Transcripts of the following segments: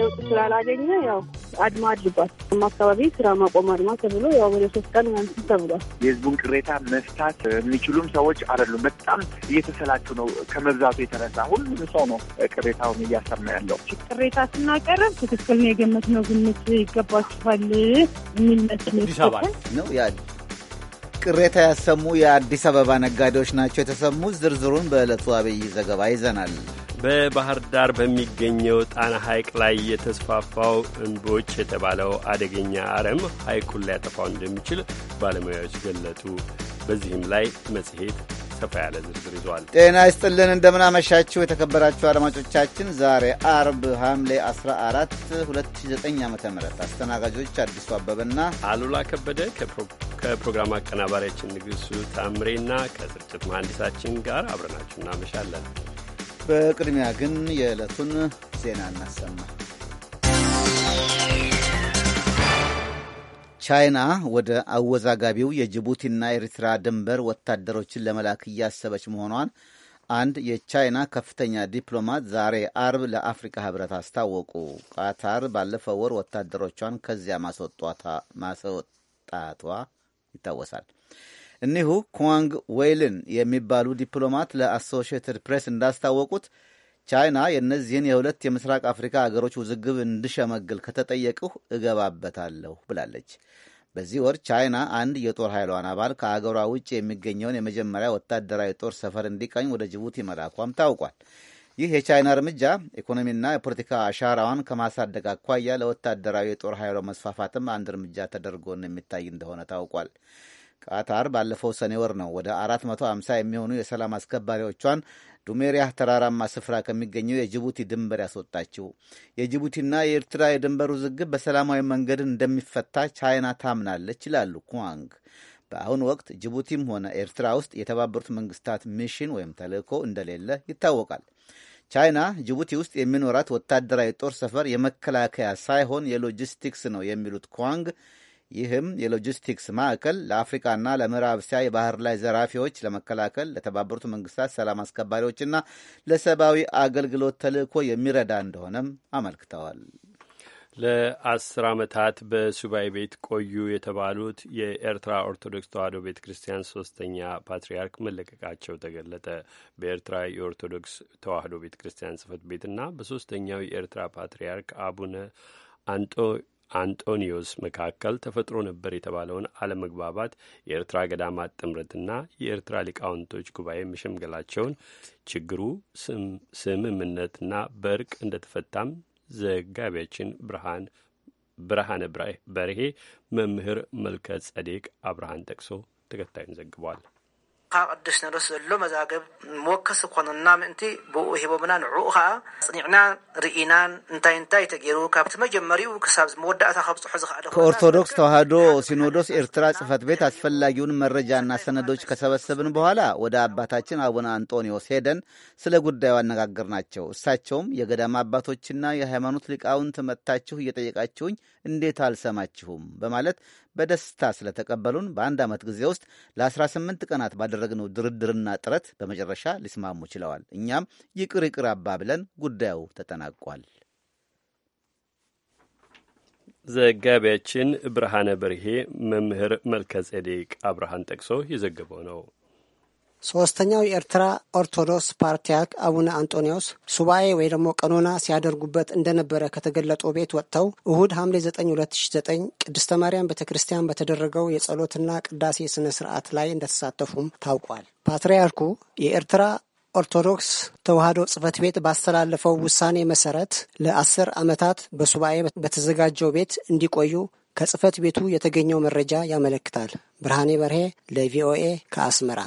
ለውጥ ስላላገኘ ያው አድማ አድርጓል። አካባቢ ስራ ማቆም አድማ ተብሎ ያው ወደ ሶስት ቀን ምናምን ተብሏል። የህዝቡን ቅሬታ መፍታት የሚችሉም ሰዎች አይደሉም። በጣም እየተሰላችሁ ነው። ከመብዛቱ የተነሳ ሁሉም ሰው ነው ቅሬታውን እያሰማ ያለው። ቅሬታ ስናቀርብ ትክክል ነው የገመትነው ግምት ይገባችኋል የሚል መስሎኝ ነው ያ ቅሬታ ያሰሙ የአዲስ አበባ ነጋዴዎች ናቸው የተሰሙት። ዝርዝሩን በዕለቱ አብይ ዘገባ ይዘናል። በባህር ዳር በሚገኘው ጣና ሐይቅ ላይ የተስፋፋው እምቦጭ የተባለው አደገኛ አረም ሐይቁን ሊያጠፋው እንደሚችል ባለሙያዎች ገለጡ። በዚህም ላይ መጽሔት ሰፋ ያለ ዝርዝር ይዟል። ጤና ይስጥልን፣ እንደምናመሻችሁ የተከበራችሁ አድማጮቻችን፣ ዛሬ አርብ ሐምሌ 14 2009 ዓ ም አስተናጋጆች አዲሱ አበበና አሉላ ከበደ ከፕሮግራም አቀናባሪያችን ንጉሱ ታምሬና ከስርጭት መሐንዲሳችን ጋር አብረናችሁ እናመሻለን። በቅድሚያ ግን የዕለቱን ዜና እናሰማ። ቻይና ወደ አወዛጋቢው የጅቡቲና ኤርትራ ድንበር ወታደሮችን ለመላክ እያሰበች መሆኗን አንድ የቻይና ከፍተኛ ዲፕሎማት ዛሬ አርብ ለአፍሪካ ሕብረት አስታወቁ። ቃታር ባለፈው ወር ወታደሮቿን ከዚያ ማስወጣቷ ይታወሳል። እኒሁ ኳንግ ዌይልን የሚባሉ ዲፕሎማት ለአሶሽትድ ፕሬስ እንዳስታወቁት ቻይና የእነዚህን የሁለት የምስራቅ አፍሪካ አገሮች ውዝግብ እንድሸመግል ከተጠየቅሁ እገባበታለሁ ብላለች። በዚህ ወር ቻይና አንድ የጦር ኃይሏን አባል ከአገሯ ውጭ የሚገኘውን የመጀመሪያ ወታደራዊ ጦር ሰፈር እንዲቀኝ ወደ ጅቡቲ መላኳም ታውቋል። ይህ የቻይና እርምጃ ኢኮኖሚና የፖለቲካ አሻራዋን ከማሳደግ አኳያ ለወታደራዊ የጦር ኃይሏ መስፋፋትም አንድ እርምጃ ተደርጎ የሚታይ እንደሆነ ታውቋል። ቃታር ባለፈው ሰኔ ወር ነው ወደ 450 የሚሆኑ የሰላም አስከባሪዎቿን ዱሜሪያ ተራራማ ስፍራ ከሚገኘው የጅቡቲ ድንበር ያስወጣችው። የጅቡቲና የኤርትራ የድንበር ውዝግብ በሰላማዊ መንገድ እንደሚፈታ ቻይና ታምናለች ይላሉ ኩዋንግ። በአሁኑ ወቅት ጅቡቲም ሆነ ኤርትራ ውስጥ የተባበሩት መንግስታት ሚሽን ወይም ተልእኮ እንደሌለ ይታወቃል። ቻይና ጅቡቲ ውስጥ የሚኖራት ወታደራዊ ጦር ሰፈር የመከላከያ ሳይሆን የሎጂስቲክስ ነው የሚሉት ኩዋንግ ይህም የሎጂስቲክስ ማዕከል ለአፍሪካና ለምዕራብ እስያ የባህር ላይ ዘራፊዎች ለመከላከል ለተባበሩት መንግስታት ሰላም አስከባሪዎችና ለሰብአዊ አገልግሎት ተልዕኮ የሚረዳ እንደሆነም አመልክተዋል። ለአስር ዓመታት በሱባኤ ቤት ቆዩ የተባሉት የኤርትራ ኦርቶዶክስ ተዋሕዶ ቤተ ክርስቲያን ሶስተኛ ፓትርያርክ መለቀቃቸው ተገለጠ። በኤርትራ የኦርቶዶክስ ተዋሕዶ ቤተ ክርስቲያን ጽሕፈት ቤትና በሶስተኛው የኤርትራ ፓትርያርክ አቡነ አንጦ አንጦኒዮስ መካከል ተፈጥሮ ነበር የተባለውን አለመግባባት የኤርትራ ገዳማት ጥምረትና የኤርትራ ሊቃውንቶች ጉባኤ መሸምገላቸውን ችግሩ ስምምነትና በእርቅ እንደተፈታም ዘጋቢያችን ብርሃን ብርሃነ በርሄ መምህር መልከ ጸዴቅ አብርሃን ጠቅሶ ተከታዩን ዘግቧል። ካብ ቅዱስ ነርስ ዘሎ መዛግብ መወከ ዝኮነና ምእንቲ ብኡ ሂቦምና ንዕኡ ከዓ ፅኒዕና ርኢናን እንታይ እንታይ ተገይሩ ካብቲ መጀመሪኡ ክሳብ መወዳእታ ከብፅሖ ዝኽኣለ ከኦርቶዶክስ ተዋህዶ ሲኖዶስ ኤርትራ ጽሕፈት ቤት አስፈላጊውን መረጃና ሰነዶች ከሰበሰብን በኋላ ወደ አባታችን አቡነ አንጦኒዎስ ሄደን ስለ ጉዳዩ ናቸው። እሳቸውም የገዳማ አባቶችና የሃይማኖት ሊቃውንት መጥታችሁ እየጠየቃችሁኝ እንዴት አልሰማችሁም በማለት በደስታ ስለተቀበሉን በአንድ ዓመት ጊዜ ውስጥ ለ18 ቀናት ባደረግነው ድርድርና ጥረት በመጨረሻ ሊስማሙ ችለዋል። እኛም ይቅር ይቅር አባ ብለን ጉዳዩ ተጠናቋል። ዘጋቢያችን ብርሃነ በርሄ መምህር መልከጼዴቅ አብርሃን ጠቅሶ የዘገበው ነው። ሶስተኛው የኤርትራ ኦርቶዶክስ ፓትርያርክ አቡነ አንጦኒዎስ ሱባኤ ወይ ደግሞ ቀኖና ሲያደርጉበት እንደነበረ ከተገለጠው ቤት ወጥተው እሁድ ሐምሌ 9 2009 ቅድስተ ማርያም ቤተ ክርስቲያን በተደረገው የጸሎትና ቅዳሴ ስነ ስርዓት ላይ እንደተሳተፉም ታውቋል። ፓትርያርኩ የኤርትራ ኦርቶዶክስ ተዋህዶ ጽህፈት ቤት ባስተላለፈው ውሳኔ መሰረት ለአስር ዓመታት በሱባኤ በተዘጋጀው ቤት እንዲቆዩ ከጽህፈት ቤቱ የተገኘው መረጃ ያመለክታል። ብርሃኔ በርሄ ለቪኦኤ ከአስመራ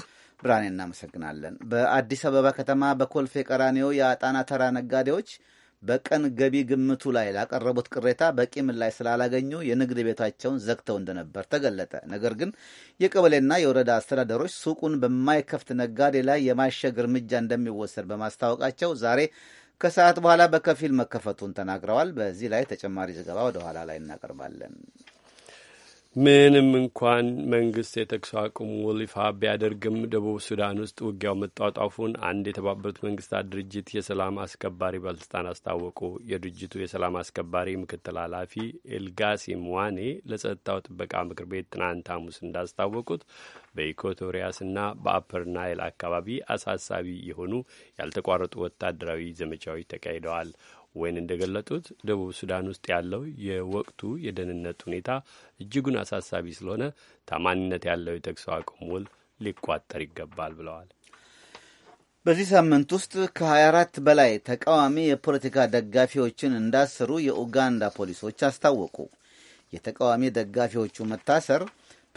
ብርሃኔ እናመሰግናለን። በአዲስ አበባ ከተማ በኮልፌ ቀራኒዮ የአጣና ተራ ነጋዴዎች በቀን ገቢ ግምቱ ላይ ላቀረቡት ቅሬታ በቂ ምላሽ ስላላገኙ የንግድ ቤታቸውን ዘግተው እንደነበር ተገለጠ። ነገር ግን የቀበሌና የወረዳ አስተዳደሮች ሱቁን በማይከፍት ነጋዴ ላይ የማሸግ እርምጃ እንደሚወሰድ በማስታወቃቸው ዛሬ ከሰዓት በኋላ በከፊል መከፈቱን ተናግረዋል። በዚህ ላይ ተጨማሪ ዘገባ ወደ ኋላ ላይ እናቀርባለን። ምንም እንኳን መንግስት የተኩስ አቁም ውል ይፋ ቢያደርግም ደቡብ ሱዳን ውስጥ ውጊያው መጧጧፉን አንድ የተባበሩት መንግስታት ድርጅት የሰላም አስከባሪ ባለስልጣን አስታወቁ። የድርጅቱ የሰላም አስከባሪ ምክትል ኃላፊ ኤልጋሲም ዋኔ ለጸጥታው ጥበቃ ምክር ቤት ትናንት ሐሙስ እንዳስታወቁት በኢኮቶሪያስና በአፐር ናይል አካባቢ አሳሳቢ የሆኑ ያልተቋረጡ ወታደራዊ ዘመቻዎች ተካሂደዋል። ወይን እንደገለጡት ደቡብ ሱዳን ውስጥ ያለው የወቅቱ የደህንነት ሁኔታ እጅጉን አሳሳቢ ስለሆነ ታማኒነት ያለው የተኩስ አቁም ውል ሊቋጠር ይገባል ብለዋል። በዚህ ሳምንት ውስጥ ከ24 በላይ ተቃዋሚ የፖለቲካ ደጋፊዎችን እንዳሰሩ የኡጋንዳ ፖሊሶች አስታወቁ። የተቃዋሚ ደጋፊዎቹ መታሰር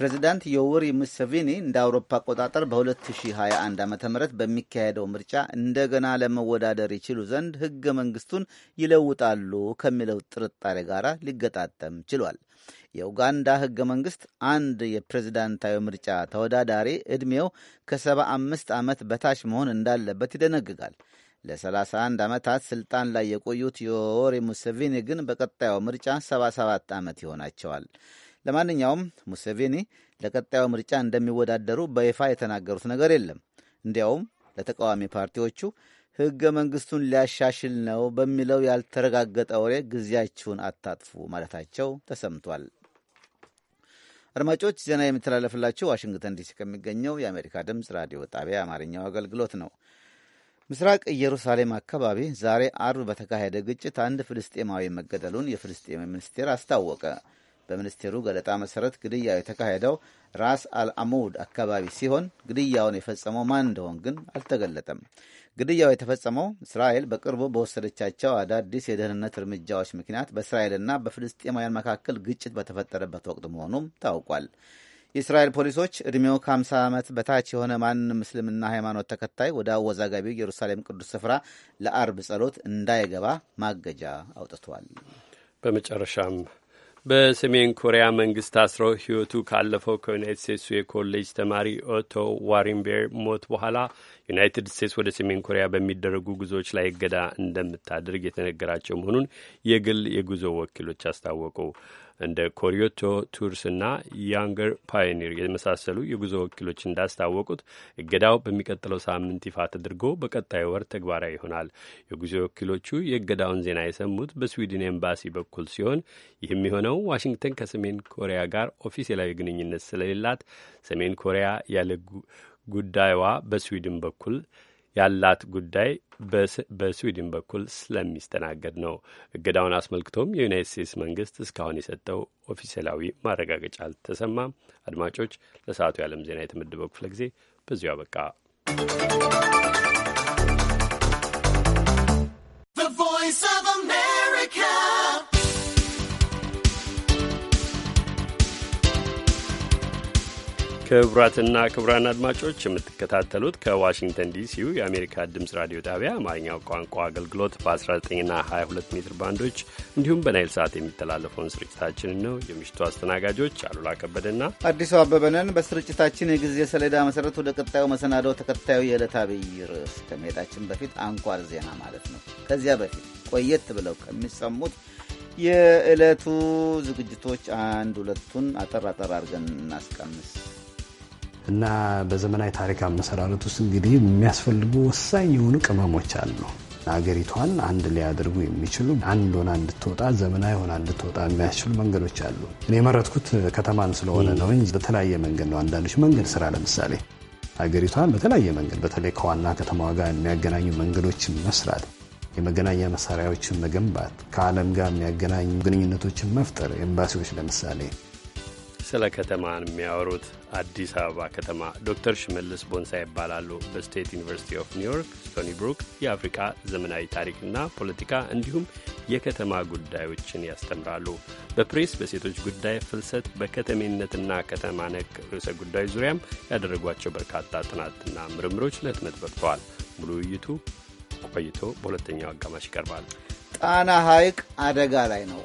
ፕሬዚዳንት ዮዌሪ ሙሴቪኒ እንደ አውሮፓ አቆጣጠር በ2021 ዓ ም በሚካሄደው ምርጫ እንደገና ለመወዳደር ይችሉ ዘንድ ህገ መንግስቱን ይለውጣሉ ከሚለው ጥርጣሬ ጋር ሊገጣጠም ችሏል። የኡጋንዳ ህገ መንግስት አንድ የፕሬዝዳንታዊ ምርጫ ተወዳዳሪ ዕድሜው ከ75 ዓመት በታች መሆን እንዳለበት ይደነግጋል። ለ31 ዓመታት ስልጣን ላይ የቆዩት ዮዌሪ ሙሴቪኒ ግን በቀጣዩ ምርጫ 77 ዓመት ይሆናቸዋል። ለማንኛውም ሙሴቬኒ ለቀጣዩ ምርጫ እንደሚወዳደሩ በይፋ የተናገሩት ነገር የለም። እንዲያውም ለተቃዋሚ ፓርቲዎቹ ሕገ መንግሥቱን ሊያሻሽል ነው በሚለው ያልተረጋገጠ ወሬ ጊዜያችሁን አታጥፉ ማለታቸው ተሰምቷል። አድማጮች፣ ዜና የሚተላለፍላችሁ ዋሽንግተን ዲሲ ከሚገኘው የአሜሪካ ድምፅ ራዲዮ ጣቢያ አማርኛው አገልግሎት ነው። ምስራቅ ኢየሩሳሌም አካባቢ ዛሬ አርብ በተካሄደ ግጭት አንድ ፍልስጤማዊ መገደሉን የፍልስጤም ሚኒስቴር አስታወቀ። በሚኒስቴሩ ገለጣ መሰረት ግድያው የተካሄደው ራስ አልአሙድ አካባቢ ሲሆን ግድያውን የፈጸመው ማን እንደሆን ግን አልተገለጠም። ግድያው የተፈጸመው እስራኤል በቅርቡ በወሰደቻቸው አዳዲስ የደህንነት እርምጃዎች ምክንያት በእስራኤልና በፍልስጤማውያን መካከል ግጭት በተፈጠረበት ወቅት መሆኑም ታውቋል። የእስራኤል ፖሊሶች ዕድሜው ከ50 ዓመት በታች የሆነ ማንም ምስልምና ሃይማኖት ተከታይ ወደ አወዛጋቢው ኢየሩሳሌም ቅዱስ ስፍራ ለአርብ ጸሎት እንዳይገባ ማገጃ አውጥቷል። በመጨረሻም በሰሜን ኮሪያ መንግስት አስሮ ህይወቱ ካለፈው ከዩናይት ስቴትሱ የኮሌጅ ተማሪ ኦቶ ዋሪንቤር ሞት በኋላ ዩናይትድ ስቴትስ ወደ ሰሜን ኮሪያ በሚደረጉ ጉዞዎች ላይ እገዳ እንደምታደርግ የተነገራቸው መሆኑን የግል የጉዞ ወኪሎች አስታወቁ። እንደ ኮሪዮቶ ቱርስና ያንገር ፓዮኒር የመሳሰሉ የጉዞ ወኪሎች እንዳስታወቁት እገዳው በሚቀጥለው ሳምንት ይፋ ተደርጎ በቀጣዩ ወር ተግባራዊ ይሆናል። የጉዞ ወኪሎቹ የእገዳውን ዜና የሰሙት በስዊድን ኤምባሲ በኩል ሲሆን ይህም የሆነው ዋሽንግተን ከሰሜን ኮሪያ ጋር ኦፊሴላዊ ግንኙነት ስለሌላት ሰሜን ኮሪያ ያለ ጉዳይዋ በስዊድን በኩል ያላት ጉዳይ በስዊድን በኩል ስለሚስተናገድ ነው። እገዳውን አስመልክቶም የዩናይት ስቴትስ መንግስት እስካሁን የሰጠው ኦፊሴላዊ ማረጋገጫ አልተሰማም። አድማጮች፣ ለሰዓቱ የዓለም ዜና የተመደበው ክፍለ ጊዜ በዚሁ አበቃ። ክቡራትና ክቡራን አድማጮች የምትከታተሉት ከዋሽንግተን ዲሲው የአሜሪካ ድምፅ ራዲዮ ጣቢያ አማርኛው ቋንቋ አገልግሎት በ19ና 22 ሜትር ባንዶች እንዲሁም በናይል ሰዓት የሚተላለፈውን ስርጭታችንን ነው። የምሽቱ አስተናጋጆች አሉላ ከበደና አዲሱ አበበነን። በስርጭታችን የጊዜ ሰሌዳ መሰረት ወደ ቀጣዩ መሰናዶ ተከታዩ የዕለት አብይ ርዕስ ከመሄዳችን በፊት አንኳር ዜና ማለት ነው። ከዚያ በፊት ቆየት ብለው ከሚሰሙት የዕለቱ ዝግጅቶች አንድ ሁለቱን አጠር አጠር አድርገን እናስቀምስ። እና በዘመናዊ ታሪክ አመሰራረት ውስጥ እንግዲህ የሚያስፈልጉ ወሳኝ የሆኑ ቅመሞች አሉ። አገሪቷን አንድ ሊያደርጉ የሚችሉ አንድ ሆና እንድትወጣ ዘመናዊ ሆና እንድትወጣ የሚያስችሉ መንገዶች አሉ። እኔ የመረጥኩት ከተማን ስለሆነ ነው እንጂ በተለያየ መንገድ ነው። አንዳንዶች መንገድ ስራ ለምሳሌ አገሪቷን በተለያየ መንገድ በተለይ ከዋና ከተማዋ ጋር የሚያገናኙ መንገዶችን መስራት፣ የመገናኛ መሳሪያዎችን መገንባት፣ ከዓለም ጋር የሚያገናኙ ግንኙነቶችን መፍጠር ኤምባሲዎች ለምሳሌ ስለ ከተማ ነው የሚያወሩት። አዲስ አበባ ከተማ ዶክተር ሽመልስ ቦንሳ ይባላሉ። በስቴት ዩኒቨርሲቲ ኦፍ ኒውዮርክ ስቶኒ ብሩክ የአፍሪካ ዘመናዊ ታሪክና ፖለቲካ እንዲሁም የከተማ ጉዳዮችን ያስተምራሉ። በፕሬስ በሴቶች ጉዳይ ፍልሰት፣ በከተሜነትና ከተማ ነክ ርዕሰ ጉዳዮች ዙሪያም ያደረጓቸው በርካታ ጥናትና ምርምሮች ለህትመት በቅተዋል። ሙሉ ውይይቱ ቆይቶ በሁለተኛው አጋማሽ ይቀርባል። ጣና ሐይቅ አደጋ ላይ ነው።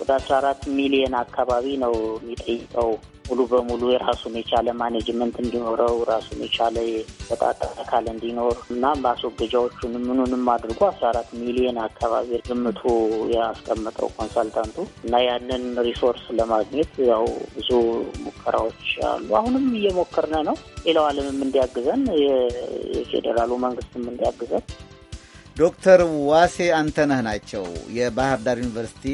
ወደ አስራ አራት ሚሊየን አካባቢ ነው የሚጠይቀው። ሙሉ በሙሉ የራሱን የቻለ ማኔጅመንት እንዲኖረው ራሱን የቻለ የጠጣጣ አካል እንዲኖር እና ማስወገጃዎቹን ምኑንም አድርጎ አስራ አራት ሚሊየን አካባቢ ግምቱ ያስቀመጠው ኮንሳልታንቱ እና ያንን ሪሶርስ ለማግኘት ያው ብዙ ሙከራዎች አሉ። አሁንም እየሞከርን ነው። ሌላው ዓለምም እንዲያግዘን የፌዴራሉ መንግስትም እንዲያግዘን ዶክተር ዋሴ አንተነህ ናቸው የባህር ዳር ዩኒቨርሲቲ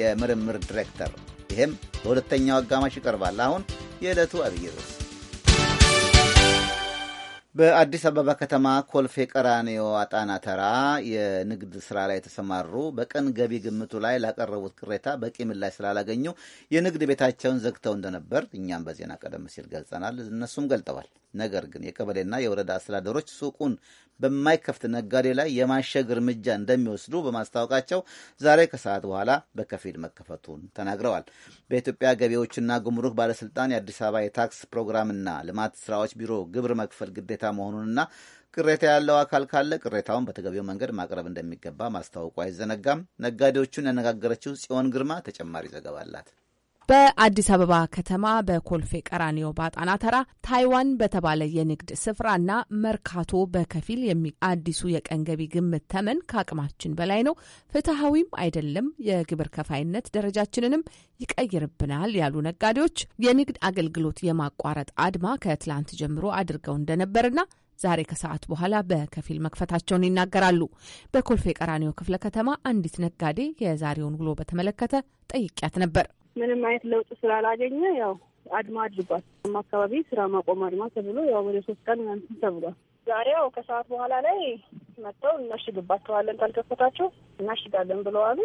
የምርምር ዲሬክተር። ይህም በሁለተኛው አጋማሽ ይቀርባል። አሁን የዕለቱ አብይ ርዕስ በአዲስ አበባ ከተማ ኮልፌ ቀራኒዮ አጣና ተራ የንግድ ስራ ላይ የተሰማሩ በቀን ገቢ ግምቱ ላይ ላቀረቡት ቅሬታ በቂ ምላሽ ስላላገኙ የንግድ ቤታቸውን ዘግተው እንደነበር እኛም በዜና ቀደም ሲል ገልጸናል፣ እነሱም ገልጠዋል። ነገር ግን የቀበሌና የወረዳ አስተዳደሮች ሱቁን በማይከፍት ነጋዴ ላይ የማሸግ እርምጃ እንደሚወስዱ በማስታወቃቸው ዛሬ ከሰዓት በኋላ በከፊል መከፈቱን ተናግረዋል። በኢትዮጵያ ገቢዎችና ጉምሩክ ባለስልጣን የአዲስ አበባ የታክስ ፕሮግራምና ልማት ስራዎች ቢሮ ግብር መክፈል ግዴታ መሆኑንና ቅሬታ ያለው አካል ካለ ቅሬታውን በተገቢው መንገድ ማቅረብ እንደሚገባ ማስታወቁ አይዘነጋም። ነጋዴዎቹን ያነጋገረችው ጽዮን ግርማ ተጨማሪ ዘገባ አላት። በአዲስ አበባ ከተማ በኮልፌ ቀራኒዮ ባጣና ተራ ታይዋን በተባለ የንግድ ስፍራና መርካቶ በከፊል አዲሱ የቀን ገቢ ግምት ተመን ከአቅማችን በላይ ነው፣ ፍትሐዊም አይደለም፣ የግብር ከፋይነት ደረጃችንንም ይቀይርብናል ያሉ ነጋዴዎች የንግድ አገልግሎት የማቋረጥ አድማ ከትላንት ጀምሮ አድርገው እንደነበርና ዛሬ ከሰዓት በኋላ በከፊል መክፈታቸውን ይናገራሉ። በኮልፌ ቀራኒዮ ክፍለ ከተማ አንዲት ነጋዴ የዛሬውን ውሎ በተመለከተ ጠይቂያት ነበር። ምንም አይነት ለውጥ ስላላገኘ ያው አድማ አድርጓል። አካባቢ ስራ ማቆም አድማ ተብሎ ያው ወደ ሶስት ቀን ምናምን ተብሏል። ዛሬ ያው ከሰዓት በኋላ ላይ መጥተው እናሽግባቸዋለን፣ ካልከፈታችሁ እናሽጋለን ብለዋሉ።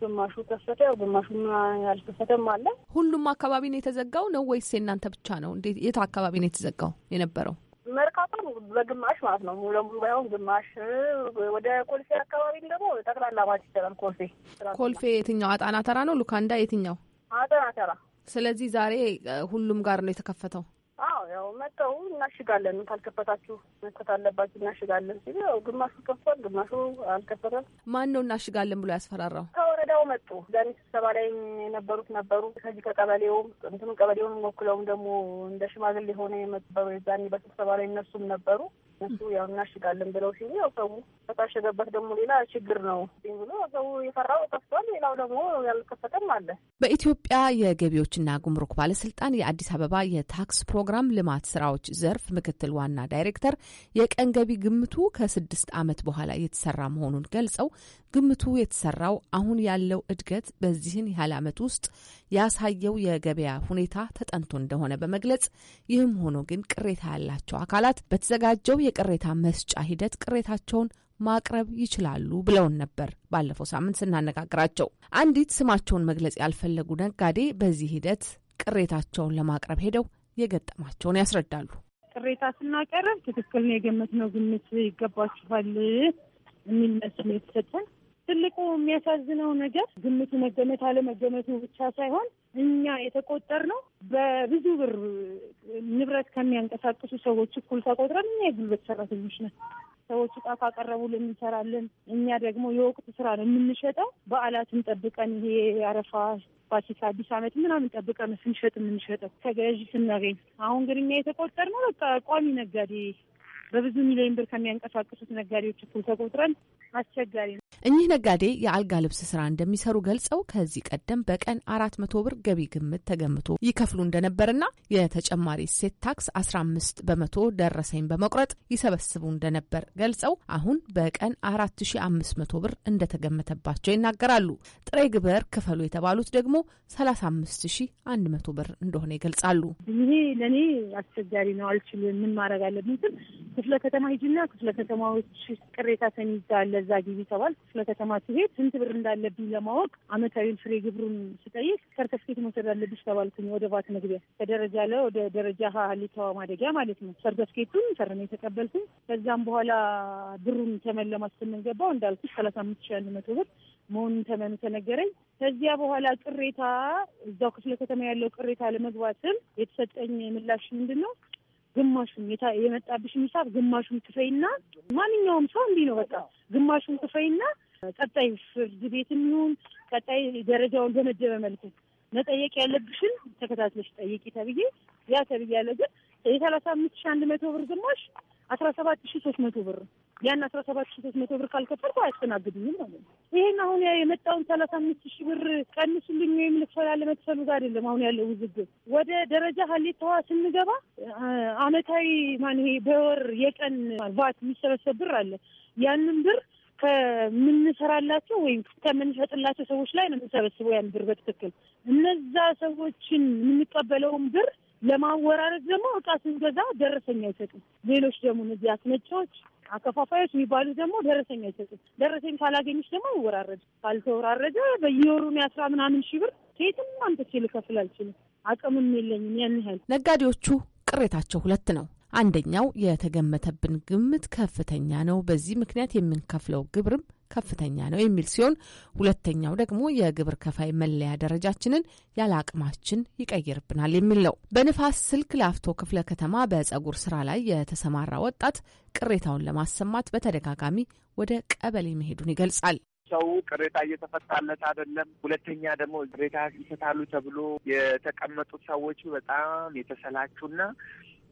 ግማሹ ከፈተ፣ ያው ግማሹ ያልከፈተም አለ። ሁሉም አካባቢ ነው የተዘጋው ነው ወይስ የእናንተ ብቻ ነው? እንዴት የት አካባቢ ነው የተዘጋው የነበረው? መርካቶ በግማሽ ማለት ነው። ሙሉ ለሙሉ ባይሆን ግማሽ። ወደ ኮልፌ አካባቢ ደግሞ ጠቅላላ ማለት ይቻላል። ኮልፌ ኮልፌ የትኛው አጣና ተራ ነው? ሉካንዳ የትኛው አደራ አደራ። ስለዚህ ዛሬ ሁሉም ጋር ነው የተከፈተው። አዎ ያው መጠው እናሽጋለን፣ ካልከፈታችሁ መክፈት አለባችሁ እናሽጋለን ሲሉ ያው ግማሹ ከፍቷል፣ ግማሹ አልከፈተም። ማን ነው እናሽጋለን ብሎ ያስፈራራው? ከወረዳው መጡ። ዛሬ ስብሰባ ላይ የነበሩት ነበሩ። ከዚህ ከቀበሌውም እንትኑ ቀበሌውን ወክለውም ደግሞ እንደ ሽማግሌ የሆነ የመጡ በዛኔ በስብሰባ ላይ እነሱም ነበሩ። እነሱ ያው እናሽጋለን ብለው ሲሉ ያው ሰው ከታሸገበት ደግሞ ሌላ ችግር ነው ብሎ ሰው የፈራው ጠፍቷል። ሌላው ደግሞ ያልከፈተም አለ። በኢትዮጵያ የገቢዎችና ጉምሩክ ባለስልጣን የአዲስ አበባ የታክስ ፕሮግራም ልማት ስራዎች ዘርፍ ምክትል ዋና ዳይሬክተር የቀን ገቢ ግምቱ ከስድስት ዓመት በኋላ የተሰራ መሆኑን ገልጸው ግምቱ የተሰራው አሁን ያለው እድገት በዚህን ያህል ዓመት ውስጥ ያሳየው የገበያ ሁኔታ ተጠንቶ እንደሆነ በመግለጽ ይህም ሆኖ ግን ቅሬታ ያላቸው አካላት በተዘጋጀው የቅሬታ መስጫ ሂደት ቅሬታቸውን ማቅረብ ይችላሉ ብለውን ነበር። ባለፈው ሳምንት ስናነጋግራቸው አንዲት ስማቸውን መግለጽ ያልፈለጉ ነጋዴ በዚህ ሂደት ቅሬታቸውን ለማቅረብ ሄደው የገጠማቸውን ያስረዳሉ። ቅሬታ ስናቀርብ ትክክል ነው የገመትነው ግምት ይገባችኋል የሚል መልስ የተሰጠን። ትልቁ የሚያሳዝነው ነገር ግምቱ መገመት አለመገመቱ ብቻ ሳይሆን እኛ የተቆጠር ነው በብዙ ብር ንብረት ከሚያንቀሳቅሱ ሰዎች እኩል ተቆጥረን እኛ የጉልበት ሰራተኞች ነን። ሰዎች እቃ ካቀረቡልን እንሰራለን። እኛ ደግሞ የወቅቱ ስራ ነው የምንሸጠው። በዓላትን ጠብቀን ይሄ አረፋ፣ ፋሲካ፣ አዲስ ዓመት ምናምን ጠብቀን ስንሸጥ የምንሸጠው ተገዥ ስናገኝ። አሁን ግን እኛ የተቆጠር ነው በቃ ቋሚ ነጋዴ በብዙ ሚሊዮን ብር ከሚያንቀሳቅሱት ነጋዴዎች እኩል ተቆጥረን አስቸጋሪ ነው። እኚህ ነጋዴ የአልጋ ልብስ ስራ እንደሚሰሩ ገልጸው ከዚህ ቀደም በቀን አራት መቶ ብር ገቢ ግምት ተገምቶ ይከፍሉ እንደነበርና የተጨማሪ ሴት ታክስ አስራ አምስት በመቶ ደረሰኝ በመቁረጥ ይሰበስቡ እንደነበር ገልጸው አሁን በቀን አራት ሺ አምስት መቶ ብር እንደተገመተባቸው ይናገራሉ። ጥሬ ግበር ክፈሉ የተባሉት ደግሞ ሰላሳ አምስት ሺ አንድ መቶ ብር እንደሆነ ይገልጻሉ። ይሄ ለእኔ አስቸጋሪ ነው፣ አልችልም። ምን ማድረግ አለብን ክፍለ ከተማ ሂጂና ክፍለ ከተማዎች ቅሬታ ሰሚ ለዛ ጊዜ ተባል ክፍለ ከተማ ሲሄድ ስንት ብር እንዳለብኝ ለማወቅ አመታዊ ፍሬ ግብሩን ስጠይቅ ሰርተፍኬት መውሰድ አለብሽ ተባልኩኝ። ወደ ባት መግቢያ ከደረጃ ለ ወደ ደረጃ ሀ ሊተዋ ማደጊያ ማለት ነው። ሰርተፍኬቱን ፈርሜ የተቀበልኩኝ። ከዛም በኋላ ብሩን ተመለማት ለማስፈን እንዳልኩ ሰላሳ አምስት ሺ አንድ መቶ ብር መሆኑን ተመኑ ተነገረኝ። ከዚያ በኋላ ቅሬታ እዛው ክፍለ ከተማ ያለው ቅሬታ ለመግባትም የተሰጠኝ ምላሽ ምንድን ነው ግማሹ የመጣብሽን ሂሳብ ግማሹን ክፈይና፣ ማንኛውም ሰው እንዲህ ነው። በቃ ግማሹን ክፈይና ቀጣይ ፍርድ ቤት የሚሆን ቀጣይ ደረጃውን በመደበ መልኩ መጠየቅ ያለብሽን ተከታትለሽ ጠይቂ ተብዬ ያ ተብዬ ያለ ግን የሰላሳ አምስት ሺ አንድ መቶ ብር ግማሽ አስራ ሰባት ሺ ሶስት መቶ ብር ያን አስራ ሰባት ሺ ሶስት መቶ ብር ካልከፈልኩ አያስተናግድኝም ማለት ነው። ይህን አሁን የመጣውን ሰላሳ አምስት ሺ ብር ቀንሱልኝ ወይም ልክፈል አለመክፈሉ ጋር አይደለም አሁን ያለው ውዝግብ። ወደ ደረጃ ሀሌታዋ ስንገባ አመታዊ ማን ይሄ በወር የቀን ቫት የሚሰበሰብ ብር አለ ያንን ብር ከምንሰራላቸው ወይም ከምንሸጥላቸው ሰዎች ላይ ነው የምንሰበስበው ያን ብር በትክክል እነዛ ሰዎችን የምንቀበለውን ብር ለማወራረድ ደግሞ እቃ ስንገዛ ደረሰኝ አይሰጡም። ሌሎች ደግሞ እነዚህ አስመጪዎች አከፋፋዮች የሚባሉት ደግሞ ደረሰኝ አይሰጡም። ደረሰኝ ካላገኘች ደግሞ አይወራረድ። ካልተወራረደ በየወሩ አስራ ምናምን ሺህ ብር ከየትም አምጥቼ ልከፍል አልችልም። አቅምም የለኝም ያን ያህል። ነጋዴዎቹ ቅሬታቸው ሁለት ነው። አንደኛው የተገመተብን ግምት ከፍተኛ ነው፣ በዚህ ምክንያት የምንከፍለው ግብርም ከፍተኛ ነው የሚል ሲሆን ሁለተኛው ደግሞ የግብር ከፋይ መለያ ደረጃችንን ያለ አቅማችን ይቀይርብናል የሚል ነው። በንፋስ ስልክ ላፍቶ ክፍለ ከተማ በጸጉር ስራ ላይ የተሰማራ ወጣት ቅሬታውን ለማሰማት በተደጋጋሚ ወደ ቀበሌ መሄዱን ይገልጻል። ሰው ቅሬታ እየተፈታለት አይደለም። ሁለተኛ ደግሞ ቅሬታ ይፈታሉ ተብሎ የተቀመጡት ሰዎች በጣም የተሰላቹና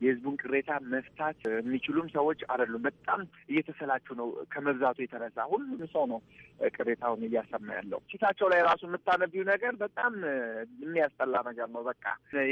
የህዝቡን ቅሬታ መፍታት የሚችሉም ሰዎች አይደሉም። በጣም እየተሰላችሁ ነው ከመብዛቱ የተነሳ ሁሉም ሰው ነው ቅሬታውን እያሰማ ያለው። ፊታቸው ላይ ራሱ የምታነቢው ነገር በጣም የሚያስጠላ ነገር ነው። በቃ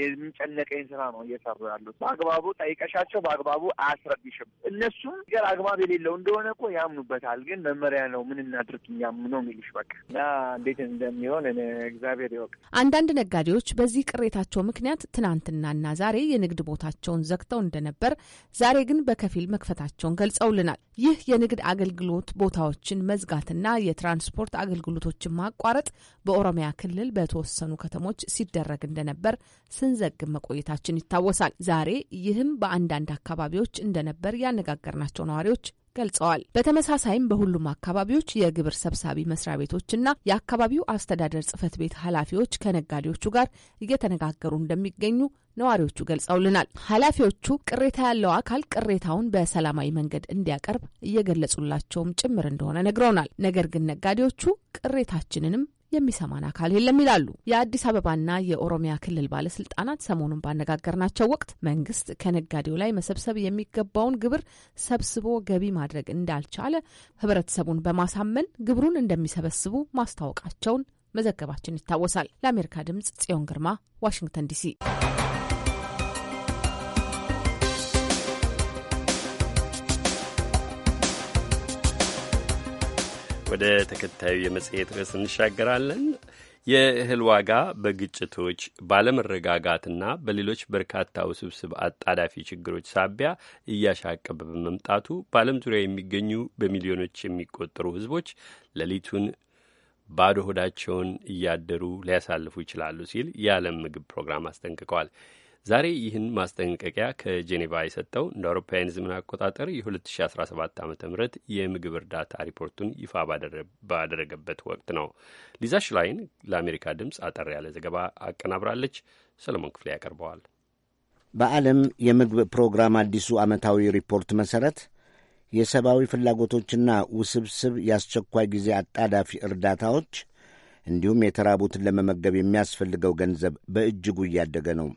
የሚጨነቀኝ ስራ ነው እየሰሩ ያሉት። በአግባቡ ጠይቀሻቸው በአግባቡ አያስረዱሽም። እነሱም ነገር አግባብ የሌለው እንደሆነ እኮ ያምኑበታል። ግን መመሪያ ነው ምን እናድርግ እኛም ነው የሚሉሽ። በቃ እና እንዴት እንደሚሆን እግዚአብሔር ይወቅ። አንዳንድ ነጋዴዎች በዚህ ቅሬታቸው ምክንያት ትናንትናና ዛሬ የንግድ ቦታቸውን ዘግተው እንደነበር ዛሬ ግን በከፊል መክፈታቸውን ገልጸውልናል። ይህ የንግድ አገልግሎት ቦታዎችን መዝጋትና የትራንስፖርት አገልግሎቶችን ማቋረጥ በኦሮሚያ ክልል በተወሰኑ ከተሞች ሲደረግ እንደነበር ስንዘግብ መቆየታችን ይታወሳል። ዛሬ ይህም በአንዳንድ አካባቢዎች እንደነበር ያነጋገርናቸው ነዋሪዎች ገልጸዋል። በተመሳሳይም በሁሉም አካባቢዎች የግብር ሰብሳቢ መስሪያ ቤቶችና የአካባቢው አስተዳደር ጽህፈት ቤት ኃላፊዎች ከነጋዴዎቹ ጋር እየተነጋገሩ እንደሚገኙ ነዋሪዎቹ ገልጸውልናል። ኃላፊዎቹ ቅሬታ ያለው አካል ቅሬታውን በሰላማዊ መንገድ እንዲያቀርብ እየገለጹላቸውም ጭምር እንደሆነ ነግረውናል። ነገር ግን ነጋዴዎቹ ቅሬታችንንም የሚሰማን አካል የለም ይላሉ። የአዲስ አበባና የኦሮሚያ ክልል ባለስልጣናት ሰሞኑን ባነጋገርናቸው ወቅት መንግስት ከነጋዴው ላይ መሰብሰብ የሚገባውን ግብር ሰብስቦ ገቢ ማድረግ እንዳልቻለ ህብረተሰቡን በማሳመን ግብሩን እንደሚሰበስቡ ማስታወቃቸውን መዘገባችን ይታወሳል። ለአሜሪካ ድምጽ ጽዮን ግርማ ዋሽንግተን ዲሲ ወደ ተከታዩ የመጽሔት ርዕስ እንሻገራለን። የእህል ዋጋ በግጭቶች ባለመረጋጋትና በሌሎች በርካታ ውስብስብ አጣዳፊ ችግሮች ሳቢያ እያሻቀበ በመምጣቱ በዓለም ዙሪያ የሚገኙ በሚሊዮኖች የሚቆጠሩ ሕዝቦች ሌሊቱን ባዶ ሆዳቸውን እያደሩ ሊያሳልፉ ይችላሉ ሲል የዓለም ምግብ ፕሮግራም አስጠንቅቀዋል። ዛሬ ይህን ማስጠንቀቂያ ከጄኔቫ የሰጠው እንደ አውሮፓውያን ዘመን አቆጣጠር የ2017 ዓ ም የምግብ እርዳታ ሪፖርቱን ይፋ ባደረገበት ወቅት ነው። ሊዛ ሽላይን ለአሜሪካ ድምፅ አጠር ያለ ዘገባ አቀናብራለች። ሰለሞን ክፍሌ ያቀርበዋል። በዓለም የምግብ ፕሮግራም አዲሱ ዓመታዊ ሪፖርት መሠረት የሰብአዊ ፍላጎቶችና ውስብስብ የአስቸኳይ ጊዜ አጣዳፊ እርዳታዎች እንዲሁም የተራቡትን ለመመገብ የሚያስፈልገው ገንዘብ በእጅጉ እያደገ ነው።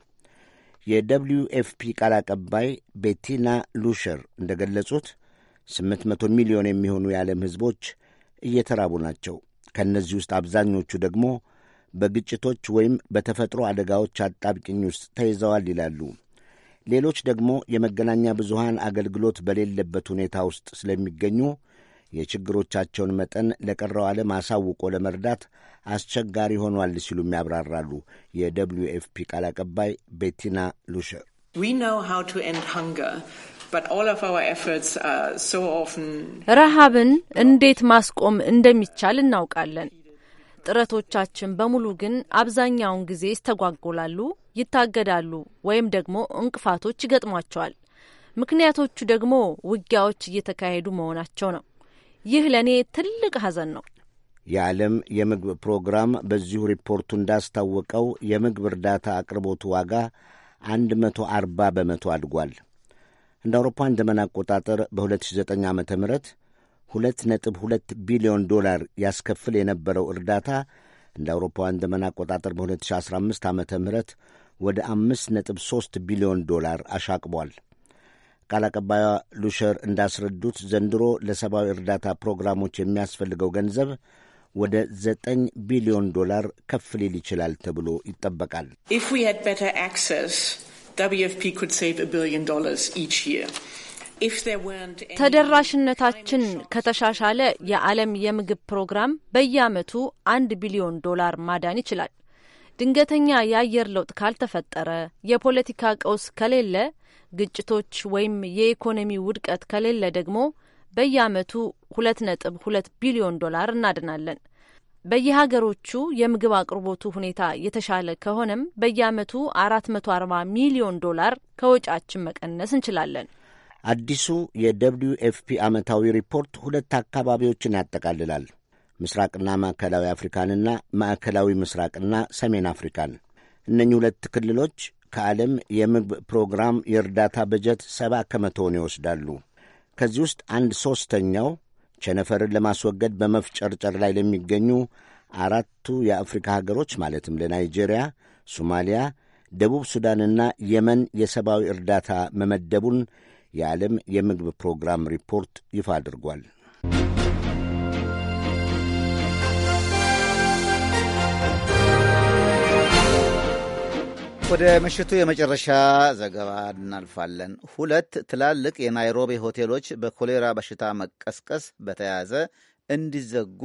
የደብሊዩ ኤፍፒ ቃል አቀባይ ቤቲና ሉሸር እንደገለጹት 800 ሚሊዮን የሚሆኑ የዓለም ሕዝቦች እየተራቡ ናቸው። ከእነዚህ ውስጥ አብዛኞቹ ደግሞ በግጭቶች ወይም በተፈጥሮ አደጋዎች አጣብቂኝ ውስጥ ተይዘዋል ይላሉ። ሌሎች ደግሞ የመገናኛ ብዙሃን አገልግሎት በሌለበት ሁኔታ ውስጥ ስለሚገኙ የችግሮቻቸውን መጠን ለቀረው ዓለም አሳውቆ ለመርዳት አስቸጋሪ ሆኗል ሲሉም ያብራራሉ። የደብልዩ ኤፍፒ ቃል አቀባይ ቤቲና ሉሸር ረሃብን እንዴት ማስቆም እንደሚቻል እናውቃለን። ጥረቶቻችን በሙሉ ግን አብዛኛውን ጊዜ ይስተጓጎላሉ፣ ይታገዳሉ፣ ወይም ደግሞ እንቅፋቶች ይገጥሟቸዋል። ምክንያቶቹ ደግሞ ውጊያዎች እየተካሄዱ መሆናቸው ነው። ይህ ለእኔ ትልቅ ሐዘን ነው። የዓለም የምግብ ፕሮግራም በዚሁ ሪፖርቱ እንዳስታወቀው የምግብ እርዳታ አቅርቦቱ ዋጋ 140 በመቶ አድጓል። እንደ አውሮፓን ዘመን አቆጣጠር በ2009 ዓ ም 2.2 ቢሊዮን ዶላር ያስከፍል የነበረው እርዳታ እንደ አውሮፓውያን ዘመን አቆጣጠር በ2015 ዓ ም ወደ 5.3 ቢሊዮን ዶላር አሻቅቧል። ቃል አቀባዩ ሉሸር እንዳስረዱት ዘንድሮ ለሰብአዊ እርዳታ ፕሮግራሞች የሚያስፈልገው ገንዘብ ወደ ዘጠኝ ቢሊዮን ዶላር ከፍ ሊል ይችላል ተብሎ ይጠበቃል። ተደራሽነታችን ከተሻሻለ የዓለም የምግብ ፕሮግራም በየዓመቱ አንድ ቢሊዮን ዶላር ማዳን ይችላል። ድንገተኛ የአየር ለውጥ ካልተፈጠረ፣ የፖለቲካ ቀውስ ከሌለ ግጭቶች ወይም የኢኮኖሚ ውድቀት ከሌለ ደግሞ በየአመቱ ሁለት ነጥብ ሁለት ቢሊዮን ዶላር እናድናለን። በየሀገሮቹ የምግብ አቅርቦቱ ሁኔታ የተሻለ ከሆነም በየአመቱ አራት መቶ አርባ ሚሊዮን ዶላር ከወጪያችን መቀነስ እንችላለን። አዲሱ የደብልዩ ኤፍፒ ዓመታዊ ሪፖርት ሁለት አካባቢዎችን ያጠቃልላል። ምስራቅና ማዕከላዊ አፍሪካንና ማዕከላዊ ምስራቅና ሰሜን አፍሪካን። እነኚህ ሁለት ክልሎች ከዓለም የምግብ ፕሮግራም የእርዳታ በጀት ሰባ ከመቶውን ይወስዳሉ። ከዚህ ውስጥ አንድ ሦስተኛው ቸነፈርን ለማስወገድ በመፍጨርጨር ላይ ለሚገኙ አራቱ የአፍሪካ ሀገሮች ማለትም ለናይጄሪያ፣ ሶማሊያ፣ ደቡብ ሱዳንና የመን የሰብአዊ እርዳታ መመደቡን የዓለም የምግብ ፕሮግራም ሪፖርት ይፋ አድርጓል። ወደ ምሽቱ የመጨረሻ ዘገባ እናልፋለን። ሁለት ትላልቅ የናይሮቢ ሆቴሎች በኮሌራ በሽታ መቀስቀስ በተያያዘ እንዲዘጉ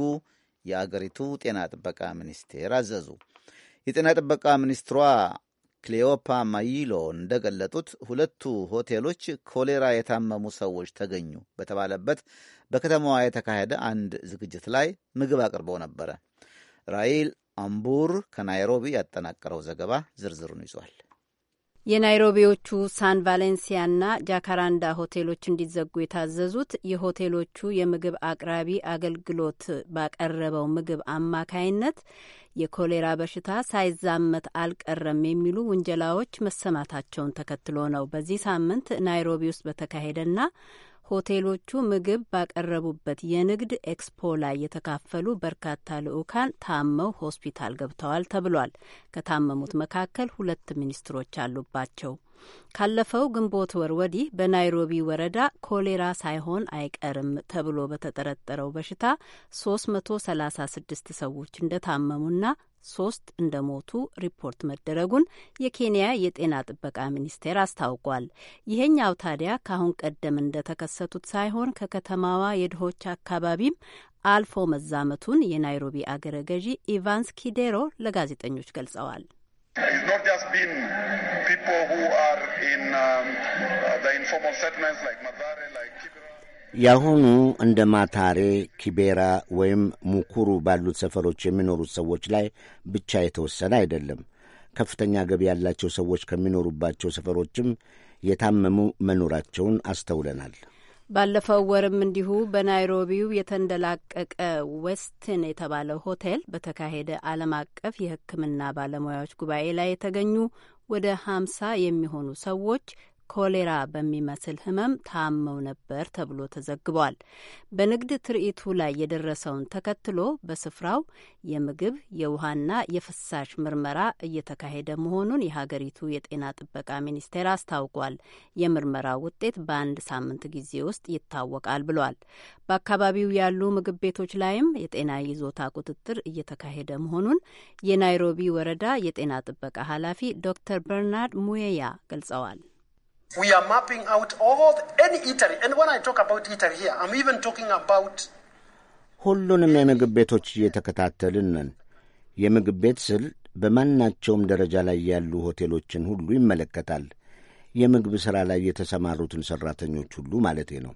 የአገሪቱ ጤና ጥበቃ ሚኒስቴር አዘዙ። የጤና ጥበቃ ሚኒስትሯ ክሌዮፓ ማይሎ እንደገለጡት ሁለቱ ሆቴሎች ኮሌራ የታመሙ ሰዎች ተገኙ በተባለበት በከተማዋ የተካሄደ አንድ ዝግጅት ላይ ምግብ አቅርበው ነበረ። ራይል አምቡር ከናይሮቢ ያጠናቀረው ዘገባ ዝርዝሩን ይዟል። የናይሮቢዎቹ ሳን ቫሌንሲያና ጃካራንዳ ሆቴሎች እንዲዘጉ የታዘዙት የሆቴሎቹ የምግብ አቅራቢ አገልግሎት ባቀረበው ምግብ አማካይነት የኮሌራ በሽታ ሳይዛመት አልቀረም የሚሉ ውንጀላዎች መሰማታቸውን ተከትሎ ነው። በዚህ ሳምንት ናይሮቢ ውስጥ በተካሄደና ሆቴሎቹ ምግብ ባቀረቡበት የንግድ ኤክስፖ ላይ የተካፈሉ በርካታ ልዑካን ታመው ሆስፒታል ገብተዋል ተብሏል። ከታመሙት መካከል ሁለት ሚኒስትሮች አሉባቸው። ካለፈው ግንቦት ወር ወዲህ በናይሮቢ ወረዳ ኮሌራ ሳይሆን አይቀርም ተብሎ በተጠረጠረው በሽታ 336 ሰዎች እንደታመሙና ሶስት እንደሞቱ ሪፖርት መደረጉን የኬንያ የጤና ጥበቃ ሚኒስቴር አስታውቋል። ይሄኛው ታዲያ ከአሁን ቀደም እንደተከሰቱት ሳይሆን ከከተማዋ የድሆች አካባቢም አልፎ መዛመቱን የናይሮቢ አገረ ገዢ ኢቫንስ ኪዴሮ ለጋዜጠኞች ገልጸዋል። ያሁኑ um, uh, እንደ ማታሬ፣ ኪቤራ ወይም ሙኩሩ ባሉት ሰፈሮች የሚኖሩት ሰዎች ላይ ብቻ የተወሰነ አይደለም። ከፍተኛ ገቢ ያላቸው ሰዎች ከሚኖሩባቸው ሰፈሮችም የታመሙ መኖራቸውን አስተውለናል። ባለፈው ወርም እንዲሁ በናይሮቢው የተንደላቀቀ ዌስትን የተባለው ሆቴል በተካሄደ ዓለም አቀፍ የሕክምና ባለሙያዎች ጉባኤ ላይ የተገኙ ወደ ሀምሳ የሚሆኑ ሰዎች ኮሌራ በሚመስል ህመም ታመው ነበር ተብሎ ተዘግቧል። በንግድ ትርኢቱ ላይ የደረሰውን ተከትሎ በስፍራው የምግብ የውሃና የፍሳሽ ምርመራ እየተካሄደ መሆኑን የሀገሪቱ የጤና ጥበቃ ሚኒስቴር አስታውቋል። የምርመራው ውጤት በአንድ ሳምንት ጊዜ ውስጥ ይታወቃል ብሏል። በአካባቢው ያሉ ምግብ ቤቶች ላይም የጤና ይዞታ ቁጥጥር እየተካሄደ መሆኑን የናይሮቢ ወረዳ የጤና ጥበቃ ኃላፊ ዶክተር በርናርድ ሙየያ ገልጸዋል። We are mapping out all any eatery. And when I talk about eatery here, I'm even talking about ሁሉንም የምግብ ቤቶች እየተከታተልን ነን። የምግብ ቤት ስል በማናቸውም ደረጃ ላይ ያሉ ሆቴሎችን ሁሉ ይመለከታል። የምግብ ሥራ ላይ የተሰማሩትን ሠራተኞች ሁሉ ማለቴ ነው።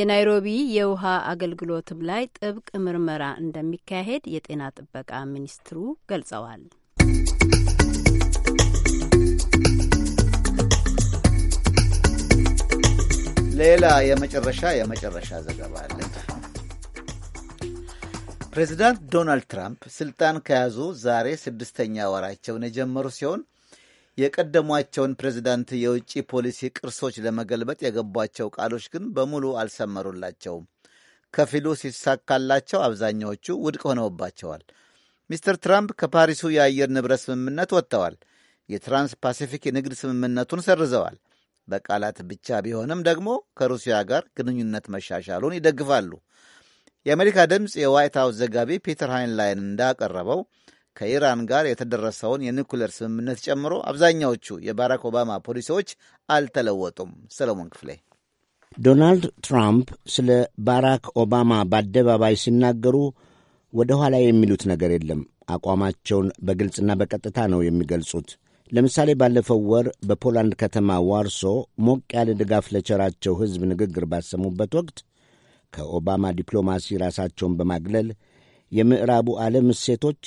የናይሮቢ የውሃ አገልግሎትም ላይ ጥብቅ ምርመራ እንደሚካሄድ የጤና ጥበቃ ሚኒስትሩ ገልጸዋል። ሌላ የመጨረሻ የመጨረሻ ዘገባ አለ። ፕሬዚዳንት ዶናልድ ትራምፕ ስልጣን ከያዙ ዛሬ ስድስተኛ ወራቸውን የጀመሩ ሲሆን የቀደሟቸውን ፕሬዚዳንት የውጭ ፖሊሲ ቅርሶች ለመገልበጥ የገቧቸው ቃሎች ግን በሙሉ አልሰመሩላቸውም። ከፊሉ ሲሳካላቸው፣ አብዛኛዎቹ ውድቅ ሆነውባቸዋል። ሚስተር ትራምፕ ከፓሪሱ የአየር ንብረት ስምምነት ወጥተዋል። የትራንስ ፓሲፊክ የንግድ ስምምነቱን ሰርዘዋል። በቃላት ብቻ ቢሆንም ደግሞ ከሩሲያ ጋር ግንኙነት መሻሻሉን ይደግፋሉ። የአሜሪካ ድምፅ የዋይት ሃውስ ዘጋቢ ፒተር ሃይንላይን እንዳቀረበው ከኢራን ጋር የተደረሰውን የኒኩሌር ስምምነት ጨምሮ አብዛኛዎቹ የባራክ ኦባማ ፖሊሲዎች አልተለወጡም። ሰለሞን ክፍሌ። ዶናልድ ትራምፕ ስለ ባራክ ኦባማ በአደባባይ ሲናገሩ ወደ ኋላ የሚሉት ነገር የለም። አቋማቸውን በግልጽና በቀጥታ ነው የሚገልጹት። ለምሳሌ ባለፈው ወር በፖላንድ ከተማ ዋርሶ ሞቅ ያለ ድጋፍ ለቸራቸው ሕዝብ ንግግር ባሰሙበት ወቅት ከኦባማ ዲፕሎማሲ ራሳቸውን በማግለል የምዕራቡ ዓለም እሴቶች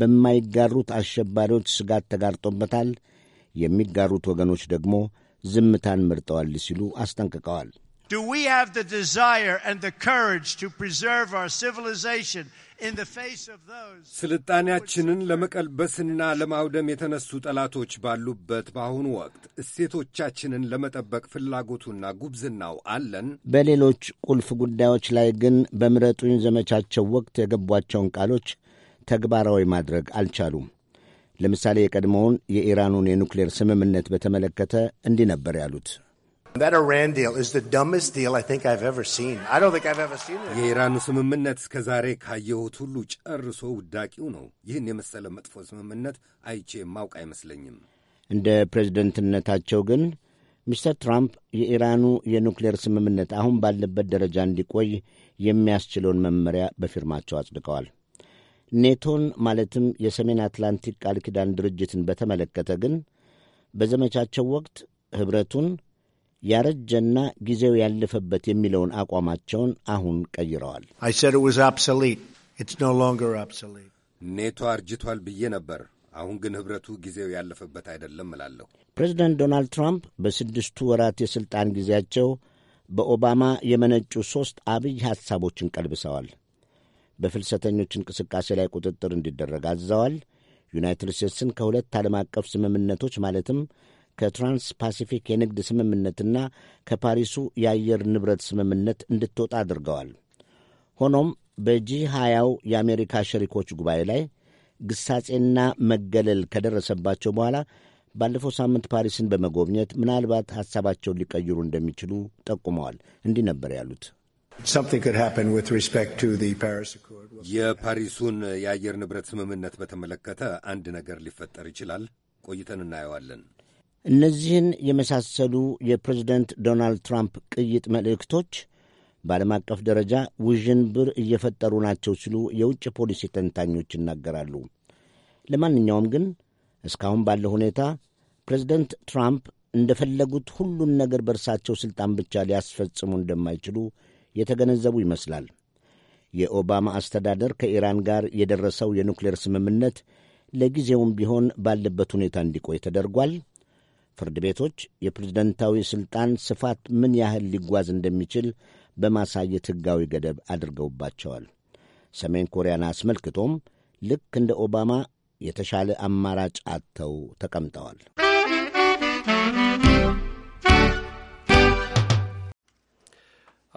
በማይጋሩት አሸባሪዎች ስጋት ተጋርጦበታል፣ የሚጋሩት ወገኖች ደግሞ ዝምታን መርጠዋል ሲሉ አስጠንቅቀዋል። Do we have the desire and the courage to preserve our civilization ስልጣኔያችንን ለመቀልበስና ለማውደም የተነሱ ጠላቶች ባሉበት በአሁኑ ወቅት እሴቶቻችንን ለመጠበቅ ፍላጎቱና ጉብዝናው አለን። በሌሎች ቁልፍ ጉዳዮች ላይ ግን በምረጡኝ ዘመቻቸው ወቅት የገቧቸውን ቃሎች ተግባራዊ ማድረግ አልቻሉም። ለምሳሌ የቀድሞውን የኢራኑን የኑክሌር ስምምነት በተመለከተ እንዲህ ነበር ያሉት። That Iran deal is the dumbest deal I think I've ever seen. I don't think I've ever seen it. የኢራኑ ስምምነት እስከ ዛሬ ካየሁት ሁሉ ጨርሶ ውዳቂው ነው። ይህን የመሰለ መጥፎ ስምምነት አይቼ ማውቅ አይመስለኝም። እንደ ፕሬዝደንትነታቸው ግን ሚስተር ትራምፕ የኢራኑ የኑክሌር ስምምነት አሁን ባለበት ደረጃ እንዲቆይ የሚያስችለውን መመሪያ በፊርማቸው አጽድቀዋል። ኔቶን ማለትም የሰሜን አትላንቲክ ቃል ኪዳን ድርጅትን በተመለከተ ግን በዘመቻቸው ወቅት ኅብረቱን ያረጀና ጊዜው ያለፈበት የሚለውን አቋማቸውን አሁን ቀይረዋል። ኔቶ አርጅቷል ብዬ ነበር። አሁን ግን ኅብረቱ ጊዜው ያለፈበት አይደለም እላለሁ። ፕሬዚደንት ዶናልድ ትራምፕ በስድስቱ ወራት የሥልጣን ጊዜያቸው በኦባማ የመነጩ ሦስት አብይ ሐሳቦችን ቀልብሰዋል። በፍልሰተኞች እንቅስቃሴ ላይ ቁጥጥር እንዲደረግ አዘዋል። ዩናይትድ ስቴትስን ከሁለት ዓለም አቀፍ ስምምነቶች ማለትም ከትራንስ ፓሲፊክ የንግድ ስምምነትና ከፓሪሱ የአየር ንብረት ስምምነት እንድትወጣ አድርገዋል። ሆኖም በጂ ሃያው የአሜሪካ ሸሪኮች ጉባኤ ላይ ግሳጼና መገለል ከደረሰባቸው በኋላ ባለፈው ሳምንት ፓሪስን በመጎብኘት ምናልባት ሐሳባቸውን ሊቀይሩ እንደሚችሉ ጠቁመዋል። እንዲህ ነበር ያሉት። የፓሪሱን የአየር ንብረት ስምምነት በተመለከተ አንድ ነገር ሊፈጠር ይችላል። ቆይተን እናየዋለን። እነዚህን የመሳሰሉ የፕሬዝደንት ዶናልድ ትራምፕ ቅይጥ መልእክቶች በዓለም አቀፍ ደረጃ ውዥንብር እየፈጠሩ ናቸው ሲሉ የውጭ ፖሊሲ ተንታኞች ይናገራሉ። ለማንኛውም ግን እስካሁን ባለው ሁኔታ ፕሬዝደንት ትራምፕ እንደፈለጉት ሁሉን ነገር በእርሳቸው ሥልጣን ብቻ ሊያስፈጽሙ እንደማይችሉ የተገነዘቡ ይመስላል። የኦባማ አስተዳደር ከኢራን ጋር የደረሰው የኑክሌር ስምምነት ለጊዜውም ቢሆን ባለበት ሁኔታ እንዲቆይ ተደርጓል። ፍርድ ቤቶች የፕሬዝደንታዊ ሥልጣን ስፋት ምን ያህል ሊጓዝ እንደሚችል በማሳየት ሕጋዊ ገደብ አድርገውባቸዋል። ሰሜን ኮሪያን አስመልክቶም ልክ እንደ ኦባማ የተሻለ አማራጭ አጥተው ተቀምጠዋል።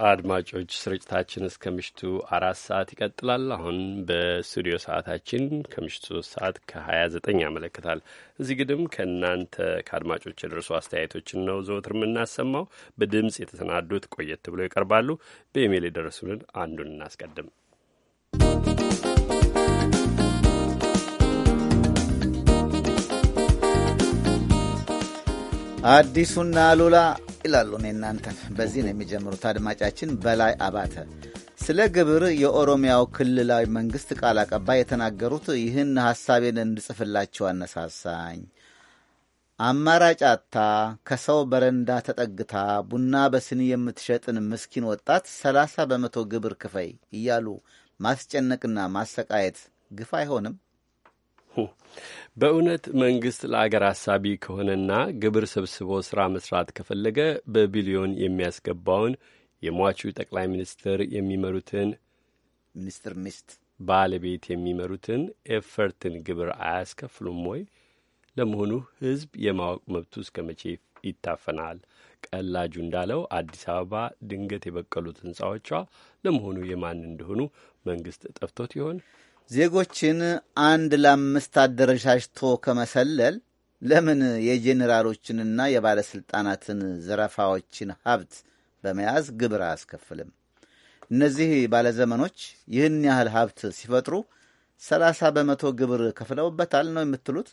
አድማጮች ስርጭታችን እስከ ምሽቱ አራት ሰዓት ይቀጥላል። አሁን በስቱዲዮ ሰዓታችን ከምሽቱ ሶስት ሰዓት ከሀያ ዘጠኝ ያመለክታል። እዚህ ግድም ከእናንተ ከአድማጮች የደርሱ አስተያየቶችን ነው ዘወትር የምናሰማው። በድምፅ የተሰናዱት ቆየት ብሎ ይቀርባሉ። በኢሜይል የደረሱንን አንዱን እናስቀድም። አዲሱና አሉላ ይላሉ። እኔ እናንተን በዚህ ነው የሚጀምሩት። አድማጫችን በላይ አባተ ስለ ግብር የኦሮሚያው ክልላዊ መንግስት ቃል አቀባይ የተናገሩት ይህን ሐሳቤን እንጽፍላቸው አነሳሳኝ። አማራጭ ከሰው በረንዳ ተጠግታ ቡና በስኒ የምትሸጥን ምስኪን ወጣት 30 በመቶ ግብር ክፈይ እያሉ ማስጨነቅና ማሰቃየት ግፍ አይሆንም? በእውነት መንግስት ለአገር አሳቢ ከሆነና ግብር ሰብስቦ ስራ መስራት ከፈለገ በቢሊዮን የሚያስገባውን የሟቹ ጠቅላይ ሚኒስትር የሚመሩትን ሚኒስትር ሚስት ባለቤት የሚመሩትን ኤፈርትን ግብር አያስከፍሉም ወይ? ለመሆኑ ህዝብ የማወቅ መብቱ እስከ መቼ ይታፈናል? ቀላጁ እንዳለው አዲስ አበባ ድንገት የበቀሉት ህንጻዎቿ ለመሆኑ የማን እንደሆኑ መንግስት ጠፍቶት ይሆን? ዜጎችን አንድ ለአምስት አደረሻሽቶ ከመሰለል ለምን የጄኔራሎችንና የባለሥልጣናትን ዘረፋዎችን ሀብት በመያዝ ግብር አያስከፍልም? እነዚህ ባለዘመኖች ይህን ያህል ሀብት ሲፈጥሩ ሰላሳ በመቶ ግብር ከፍለውበታል ነው የምትሉት?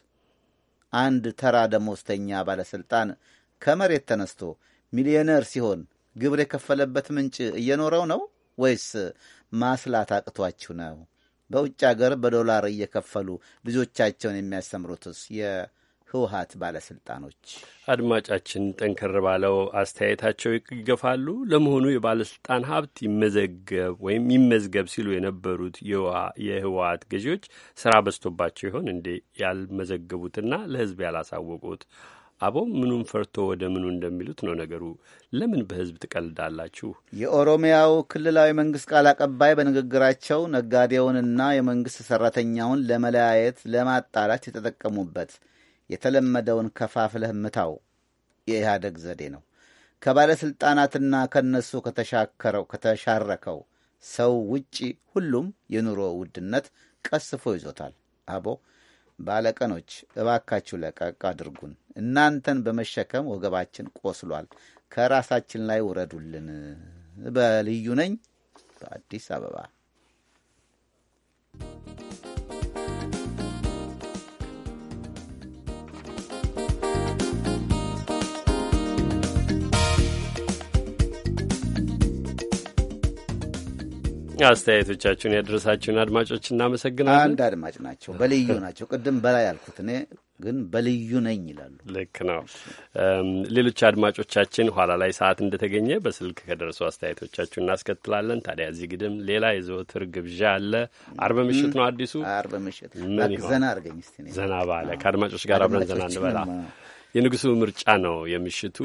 አንድ ተራ ደሞዝተኛ ባለሥልጣን ከመሬት ተነስቶ ሚሊዮነር ሲሆን ግብር የከፈለበት ምንጭ እየኖረው ነው ወይስ ማስላት አቅቷችሁ ነው? በውጭ ሀገር በዶላር እየከፈሉ ልጆቻቸውን የሚያስተምሩትስ የህወሀት ባለስልጣኖች? አድማጫችን ጠንከር ባለው አስተያየታቸው ይገፋሉ። ለመሆኑ የባለስልጣን ሀብት ይመዘገብ ወይም ይመዝገብ ሲሉ የነበሩት የህወሀት ገዢዎች ስራ በዝቶባቸው ይሆን እንዴ ያልመዘገቡትና ለህዝብ ያላሳወቁት? አቦ ምኑን ፈርቶ ወደ ምኑ እንደሚሉት ነው ነገሩ። ለምን በህዝብ ትቀልዳላችሁ? የኦሮሚያው ክልላዊ መንግስት ቃል አቀባይ በንግግራቸው ነጋዴውንና የመንግስት ሰራተኛውን ለመለያየት፣ ለማጣላት የተጠቀሙበት የተለመደውን ከፋፍለህ ምታው የኢህአደግ ዘዴ ነው። ከባለሥልጣናትና ከነሱ ከተሻከረው ከተሻረከው ሰው ውጪ ሁሉም የኑሮ ውድነት ቀስፎ ይዞታል። አቦ ባለቀኖች እባካችሁ ለቀቅ አድርጉን። እናንተን በመሸከም ወገባችን ቆስሏል። ከራሳችን ላይ ውረዱልን። በልዩ ነኝ በአዲስ አበባ። አስተያየቶቻችሁን ያደረሳችሁን አድማጮች እናመሰግናለን። አንድ አድማጭ ናቸው፣ በልዩ ናቸው። ቅድም በላይ ያልኩት እኔ ግን በልዩ ነኝ ይላሉ። ልክ ነው። ሌሎች አድማጮቻችን ኋላ ላይ ሰዓት እንደተገኘ በስልክ ከደረሱ አስተያየቶቻችሁ እናስከትላለን። ታዲያ እዚህ ግድም ሌላ የዘወትር ግብዣ አለ። አርብ ምሽት ነው አዲሱ አርብ ምሽት ዘና አርገኝ እስቲ ዘና ባለ ከአድማጮች ጋር አብረን ዘና እንበላ የንጉሱ ምርጫ ነው የምሽቱ።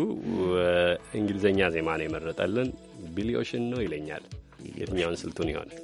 እንግሊዝኛ ዜማ ነው የመረጠልን። ቢሊዮሽን ነው ይለኛል። የትኛውን ስልቱን ይሆናል?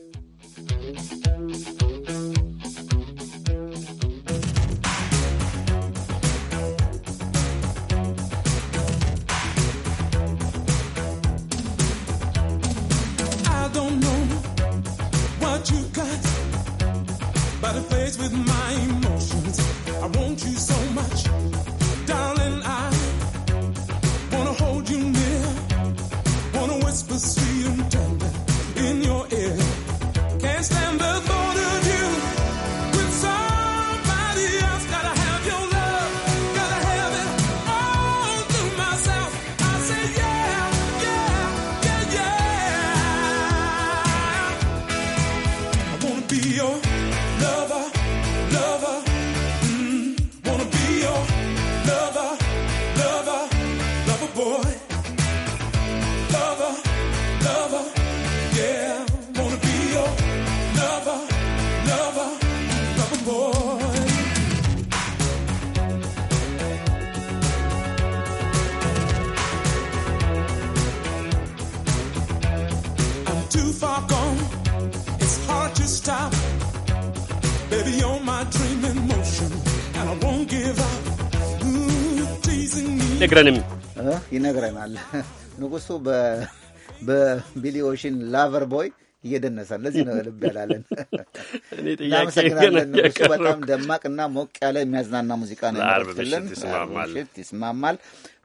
አይነግረንም፣ ይነግረናል። ንጉሱ በቢሊዮሽን ላቨር ቦይ እየደነሰ ለዚህ ነው ልብ ያላለን። እናመሰግናለን ንጉሱ። በጣም ደማቅና ሞቅ ያለ የሚያዝናና ሙዚቃ ነው ያመረትልን። ምሽት ይስማማል።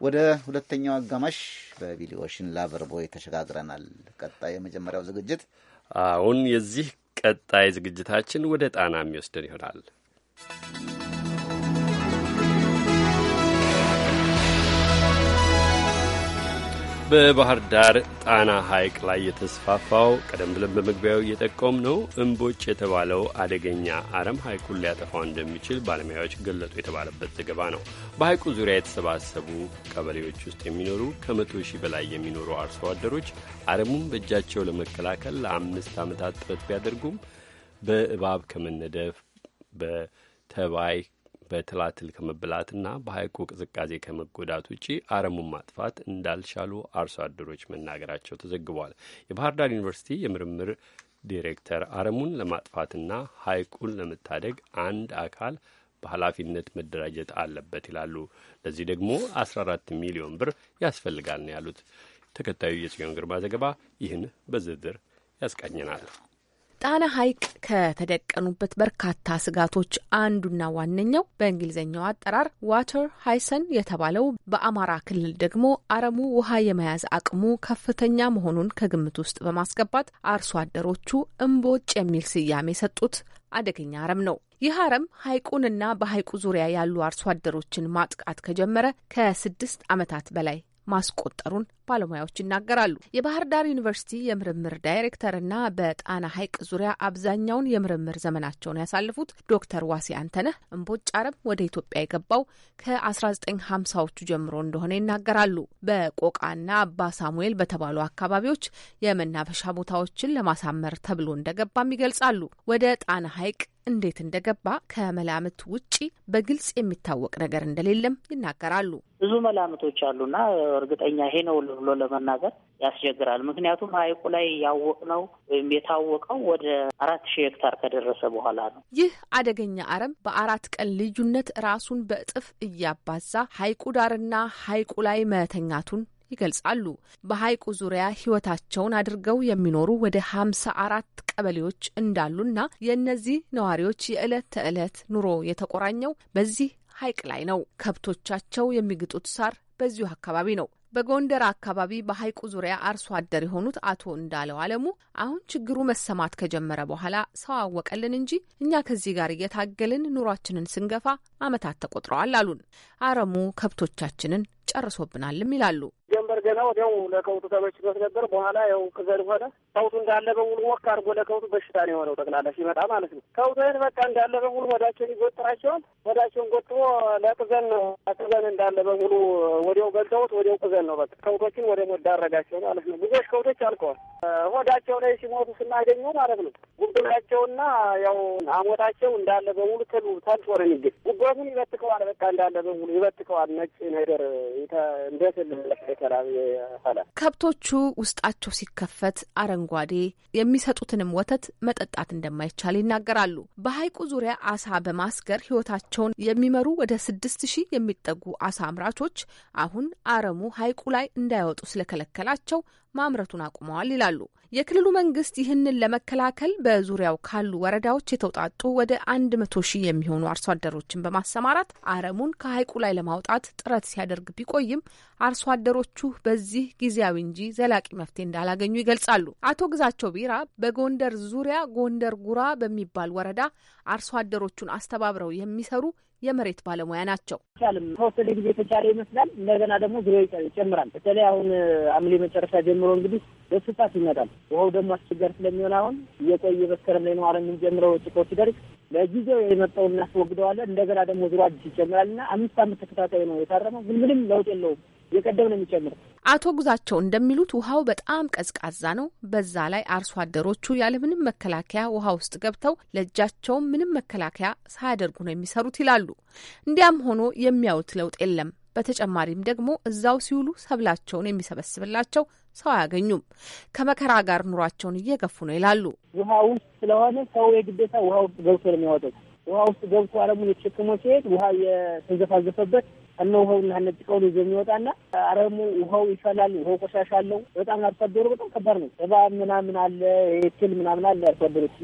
ወደ ሁለተኛው አጋማሽ በቢሊዮሽን ላቨር ቦይ ተሸጋግረናል። ቀጣይ የመጀመሪያው ዝግጅት አሁን የዚህ ቀጣይ ዝግጅታችን ወደ ጣና የሚወስደን ይሆናል። በባህር ዳር ጣና ሐይቅ ላይ የተስፋፋው ቀደም ብለን በመግቢያው እየጠቆም ነው እምቦጭ የተባለው አደገኛ አረም ሐይቁን ሊያጠፋው እንደሚችል ባለሙያዎች ገለጡ የተባለበት ዘገባ ነው። በሐይቁ ዙሪያ የተሰባሰቡ ቀበሌዎች ውስጥ የሚኖሩ ከመቶ ሺህ በላይ የሚኖሩ አርሶ አደሮች አረሙን በእጃቸው ለመከላከል ለአምስት ዓመታት ጥረት ቢያደርጉም በእባብ ከመነደፍ በተባይ በትላትል ከመብላትና በሐይቁ ቅዝቃዜ ከመጎዳት ውጪ አረሙን ማጥፋት እንዳልቻሉ አርሶ አደሮች መናገራቸው ተዘግቧል። የባህር ዳር ዩኒቨርሲቲ የምርምር ዲሬክተር አረሙን ለማጥፋትና ሐይቁን ለመታደግ አንድ አካል በኃላፊነት መደራጀት አለበት ይላሉ። ለዚህ ደግሞ 14 ሚሊዮን ብር ያስፈልጋል ነው ያሉት። ተከታዩ የጽዮን ግርማ ዘገባ ይህን በዝርዝር ያስቃኘናል። ጣና ሐይቅ ከተደቀኑበት በርካታ ስጋቶች አንዱና ዋነኛው በእንግሊዝኛው አጠራር ዋተር ሃይሰን የተባለው በአማራ ክልል ደግሞ አረሙ ውሃ የመያዝ አቅሙ ከፍተኛ መሆኑን ከግምት ውስጥ በማስገባት አርሶ አደሮቹ እምቦጭ የሚል ስያሜ የሰጡት አደገኛ አረም ነው። ይህ አረም ሐይቁንና በሐይቁ ዙሪያ ያሉ አርሶ አደሮችን ማጥቃት ከጀመረ ከስድስት ዓመታት በላይ ማስቆጠሩን ባለሙያዎች ይናገራሉ። የባህር ዳር ዩኒቨርሲቲ የምርምር ዳይሬክተርና በጣና ሐይቅ ዙሪያ አብዛኛውን የምርምር ዘመናቸውን ያሳልፉት ዶክተር ዋሴ አንተነህ እምቦጭ አረም ወደ ኢትዮጵያ የገባው ከ1950ዎቹ ጀምሮ እንደሆነ ይናገራሉ። በቆቃና አባ ሳሙኤል በተባሉ አካባቢዎች የመናፈሻ ቦታዎችን ለማሳመር ተብሎ እንደገባም ይገልጻሉ። ወደ ጣና ሐይቅ እንዴት እንደገባ ከመላምት ውጪ በግልጽ የሚታወቅ ነገር እንደሌለም ይናገራሉ። ብዙ መላምቶች አሉና እርግጠኛ ይሄ ነው ብሎ ለመናገር ያስቸግራል። ምክንያቱም ሐይቁ ላይ ያወቅነው ወይም የታወቀው ወደ አራት ሺህ ሄክታር ከደረሰ በኋላ ነው። ይህ አደገኛ አረም በአራት ቀን ልዩነት ራሱን በእጥፍ እያባዛ ሐይቁ ዳርና ሐይቁ ላይ መተኛቱን ይገልጻሉ። በሐይቁ ዙሪያ ህይወታቸውን አድርገው የሚኖሩ ወደ ሀምሳ አራት ቀበሌዎች እንዳሉና የእነዚህ ነዋሪዎች የዕለት ተዕለት ኑሮ የተቆራኘው በዚህ ሐይቅ ላይ ነው። ከብቶቻቸው የሚግጡት ሳር በዚሁ አካባቢ ነው። በጎንደር አካባቢ በሐይቁ ዙሪያ አርሶ አደር የሆኑት አቶ እንዳለው አለሙ አሁን ችግሩ መሰማት ከጀመረ በኋላ ሰው አወቀልን እንጂ እኛ ከዚህ ጋር እየታገልን ኑሯችንን ስንገፋ ዓመታት ተቆጥረዋል አሉን። አረሙ ከብቶቻችንን ጨርሶብናልም ይላሉ። number እንደገና ወዲያው ለከብቱ ተበሽቶት ነበር። በኋላ ያው ቅዘል ሆነ። ከብቱ እንዳለ በሙሉ ወክ አድርጎ ለከብቱ በሽታ ነው የሆነው። ጠቅላላ ሲመጣ ማለት ነው። ከብቶህን በቃ እንዳለ በሙሉ ወዳቸውን ይጎጥራቸዋል። ወዳቸውን ጎጥሞ ለቅዘን ነው ቅዘን እንዳለ በሙሉ ወዲያው በልተውት ወዲያው ቅዘን ነው በቃ ከብቶችን ወደ ሞት ዳረጋቸው ማለት ነው። ብዙዎች ከብቶች አልቀዋል። ሆዳቸው ላይ ሲሞቱ ስናገኘው ማለት ነው ጉብላቸውና ያው አሞታቸው እንዳለ በሙሉ ትሉ ተልጦ ነው የሚገኝ። ጉበቱን ይበትከዋል። በቃ እንዳለ በሙሉ ይበትከዋል። ነጭ ነገር እንደ ተራ ይፈላል። ከብቶቹ ውስጣቸው ሲከፈት አረንጓዴ የሚሰጡትንም ወተት መጠጣት እንደማይቻል ይናገራሉ። በሀይቁ ዙሪያ አሳ በማስገር ህይወታቸውን የሚመሩ ወደ ስድስት ሺህ የሚጠጉ አሳ አምራቾች አሁን አረሙ ሀይቁ ላይ እንዳይወጡ ስለከለከላቸው ማምረቱን አቁመዋል ይላሉ። የክልሉ መንግስት ይህንን ለመከላከል በዙሪያው ካሉ ወረዳዎች የተውጣጡ ወደ አንድ መቶ ሺህ የሚሆኑ አርሶ አደሮችን በማሰማራት አረሙን ከሀይቁ ላይ ለማውጣት ጥረት ሲያደርግ ቢቆይም አርሶ አደሮቹ በዚህ ጊዜያዊ እንጂ ዘላቂ መፍትሄ እንዳላገኙ ይገልጻሉ። አቶ ግዛቸው ቢራ በጎንደር ዙሪያ ጎንደር ጉራ በሚባል ወረዳ አርሶ አደሮቹን አስተባብረው የሚሰሩ የመሬት ባለሙያ ናቸው። ቻልም ተወሰደ ጊዜ የተቻለ ይመስላል። እንደገና ደግሞ ዝሮ ይጨምራል። በተለይ አሁን አምሌ መጨረሻ ጀምሮ እንግዲህ በስፋት ይመጣል። ውሃው ደግሞ አስቸጋሪ ስለሚሆን አሁን እየቆየ በስከረም ላይ ነው አረ የምንጀምረው ጭቆ ሲደርግ ለጊዜው የመጣው እናስወግደዋለን። እንደገና ደግሞ ዝሮ አዲስ ይጨምራል እና አምስት አመት ተከታታይ ነው የታረመው። ምን ምንም ለውጥ የለውም። የቀደም ነው የሚጨምር። አቶ ጉዛቸው እንደሚሉት ውሃው በጣም ቀዝቃዛ ነው። በዛ ላይ አርሶ አደሮቹ ያለምንም መከላከያ ውሃ ውስጥ ገብተው ለእጃቸውም ምንም መከላከያ ሳያደርጉ ነው የሚሰሩት ይላሉ። እንዲያም ሆኖ የሚያዩት ለውጥ የለም። በተጨማሪም ደግሞ እዛው ሲውሉ ሰብላቸውን የሚሰበስብላቸው ሰው አያገኙም። ከመከራ ጋር ኑሯቸውን እየገፉ ነው ይላሉ። ውሃ ውስጥ ስለሆነ ሰው የግዴታ ውሃ ውስጥ ገብቶ ነው የሚያወጡት። ውሃ ውስጥ ገብቶ አለሙን የተሸክሞ ሲሄድ ውሃ የተዘፋዘፈበት ከነ ውሀው እና ከነ ጭቃው ነው ይዞ የሚወጣና አረሙ ውሀው ይፈላል። ውሀው ቆሻሻ አለው። በጣም አርሶ አደሩ በጣም ከባድ ነው። እባ ምናምን አለ፣ ትል ምናምን አለ። አርሶ አደሮች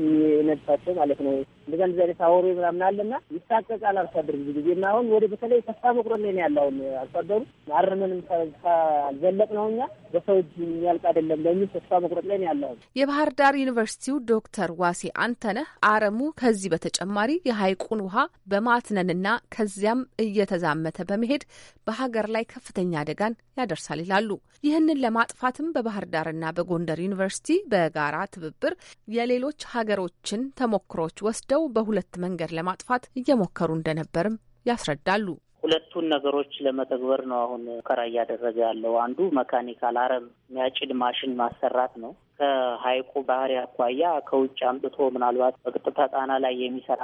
ነድፋቸው ማለት ነው። እንደዛ እንደዚ አይነት አወሬ ምናምን አለ እና ይታቀቃል አርሶ አደር ብዙ ጊዜ እና አሁን ወደ በተለይ ተስፋ መቁረጥ ላይ ነው ያለ አሁን አርሶ አደሩ አርመንም ካልዘለቅ ነው እኛ በሰው እጅ የሚያልቅ አይደለም በሚል ተስፋ መቁረጥ ላይ ነው የባህር ዳር ዩኒቨርሲቲው ዶክተር ዋሴ አንተነህ አረሙ ከዚህ በተጨማሪ የሀይቁን ውሃ በማትነንና ከዚያም እየተዛመተ በመሄድ በሀገር ላይ ከፍተኛ አደጋን ያደርሳል ይላሉ። ይህንን ለማጥፋትም በባህር ዳርና በጎንደር ዩኒቨርሲቲ በጋራ ትብብር የሌሎች ሀገሮችን ተሞክሮች ወስደው በሁለት መንገድ ለማጥፋት እየሞከሩ እንደነበርም ያስረዳሉ። ሁለቱን ነገሮች ለመተግበር ነው አሁን ሙከራ እያደረገ ያለው። አንዱ መካኒካል አረም የሚያጭድ ማሽን ማሰራት ነው። ከሀይቁ ባህሪ አኳያ ከውጭ አምጥቶ ምናልባት በቅጥታ ጣና ላይ የሚሰራ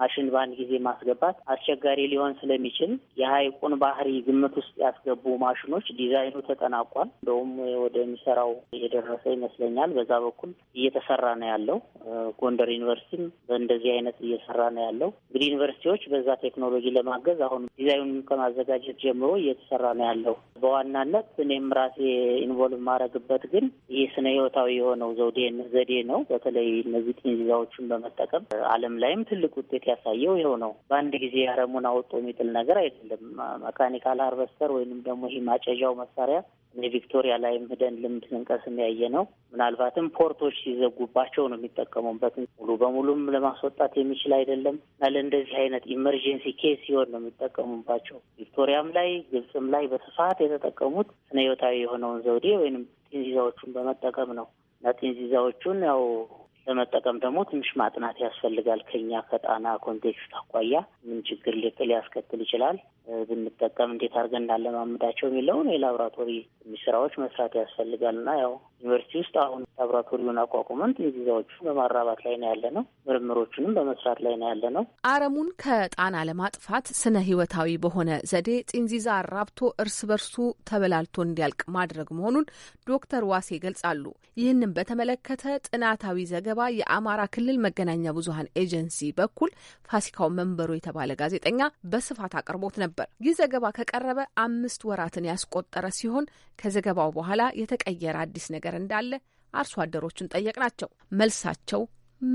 ማሽን በአንድ ጊዜ ማስገባት አስቸጋሪ ሊሆን ስለሚችል የሀይቁን ባህሪ ግምት ውስጥ ያስገቡ ማሽኖች ዲዛይኑ ተጠናቋል። እንደውም ወደሚሰራው የደረሰ ይመስለኛል። በዛ በኩል እየተሰራ ነው ያለው። ጎንደር ዩኒቨርሲቲም በእንደዚህ አይነት እየሰራ ነው ያለው። እንግዲህ ዩኒቨርሲቲዎች በዛ ቴክኖሎጂ ለማገዝ አሁን ዲዛይኑ ከማዘጋጀት ጀምሮ እየተሰራ ነው ያለው። በዋናነት እኔም ራሴ ኢንቮልቭ ማድረግበት ግን ይህ ስነ ህይወታዊ የሆነው ዘውዴ ዘዴ ነው። በተለይ እነዚህ ጥንዚዛዎቹን በመጠቀም ዓለም ላይም ትልቅ ውጤት ትልቅ ያሳየው ይኸው ነው። በአንድ ጊዜ አረሙን አውጦ የሚጥል ነገር አይደለም። መካኒካል ሃርቨስተር ወይንም ደግሞ ይህ ማጨዣው መሳሪያ እነ ቪክቶሪያ ላይም ህደን ልምድ ስንቀስም ያየ ነው። ምናልባትም ፖርቶች ሲዘጉባቸው ነው የሚጠቀሙበት። ሙሉ በሙሉም ለማስወጣት የሚችል አይደለም እና ለእንደዚህ አይነት ኢመርጀንሲ ኬስ ሲሆን ነው የሚጠቀሙባቸው። ቪክቶሪያም ላይ ግብፅም ላይ በስፋት የተጠቀሙት ስነ ህይወታዊ የሆነውን ዘውዴ ወይንም ጢንዚዛዎቹን በመጠቀም ነው እና ጢንዚዛዎቹን ያው ለመጠቀም ደግሞ ትንሽ ማጥናት ያስፈልጋል። ከኛ ከጣና ኮንቴክስት አኳያ ምን ችግር ሊያስከትል ይችላል ብንጠቀም እንዴት አድርገን እናለማምዳቸው የሚለውን የላብራቶሪ ስራዎች መስራት ያስፈልጋል እና ያው ዩኒቨርሲቲ ውስጥ አሁን ላብራቶሪውን አቋቁመን ጥንዚዛዎቹን በማራባት ላይ ነው ያለ ነው። ምርምሮቹንም በመስራት ላይ ነው ያለ ነው። አረሙን ከጣና ለማጥፋት ስነ ህይወታዊ በሆነ ዘዴ ጥንዚዛ አራብቶ እርስ በርሱ ተበላልቶ እንዲያልቅ ማድረግ መሆኑን ዶክተር ዋሴ ይገልጻሉ። ይህንም በተመለከተ ጥናታዊ ዘገባ የአማራ ክልል መገናኛ ብዙሀን ኤጀንሲ በኩል ፋሲካው መንበሩ የተባለ ጋዜጠኛ በስፋት አቅርቦት ነበር። ነበር። ይህ ዘገባ ከቀረበ አምስት ወራትን ያስቆጠረ ሲሆን ከዘገባው በኋላ የተቀየረ አዲስ ነገር እንዳለ አርሶ አደሮቹን ጠየቅናቸው። መልሳቸው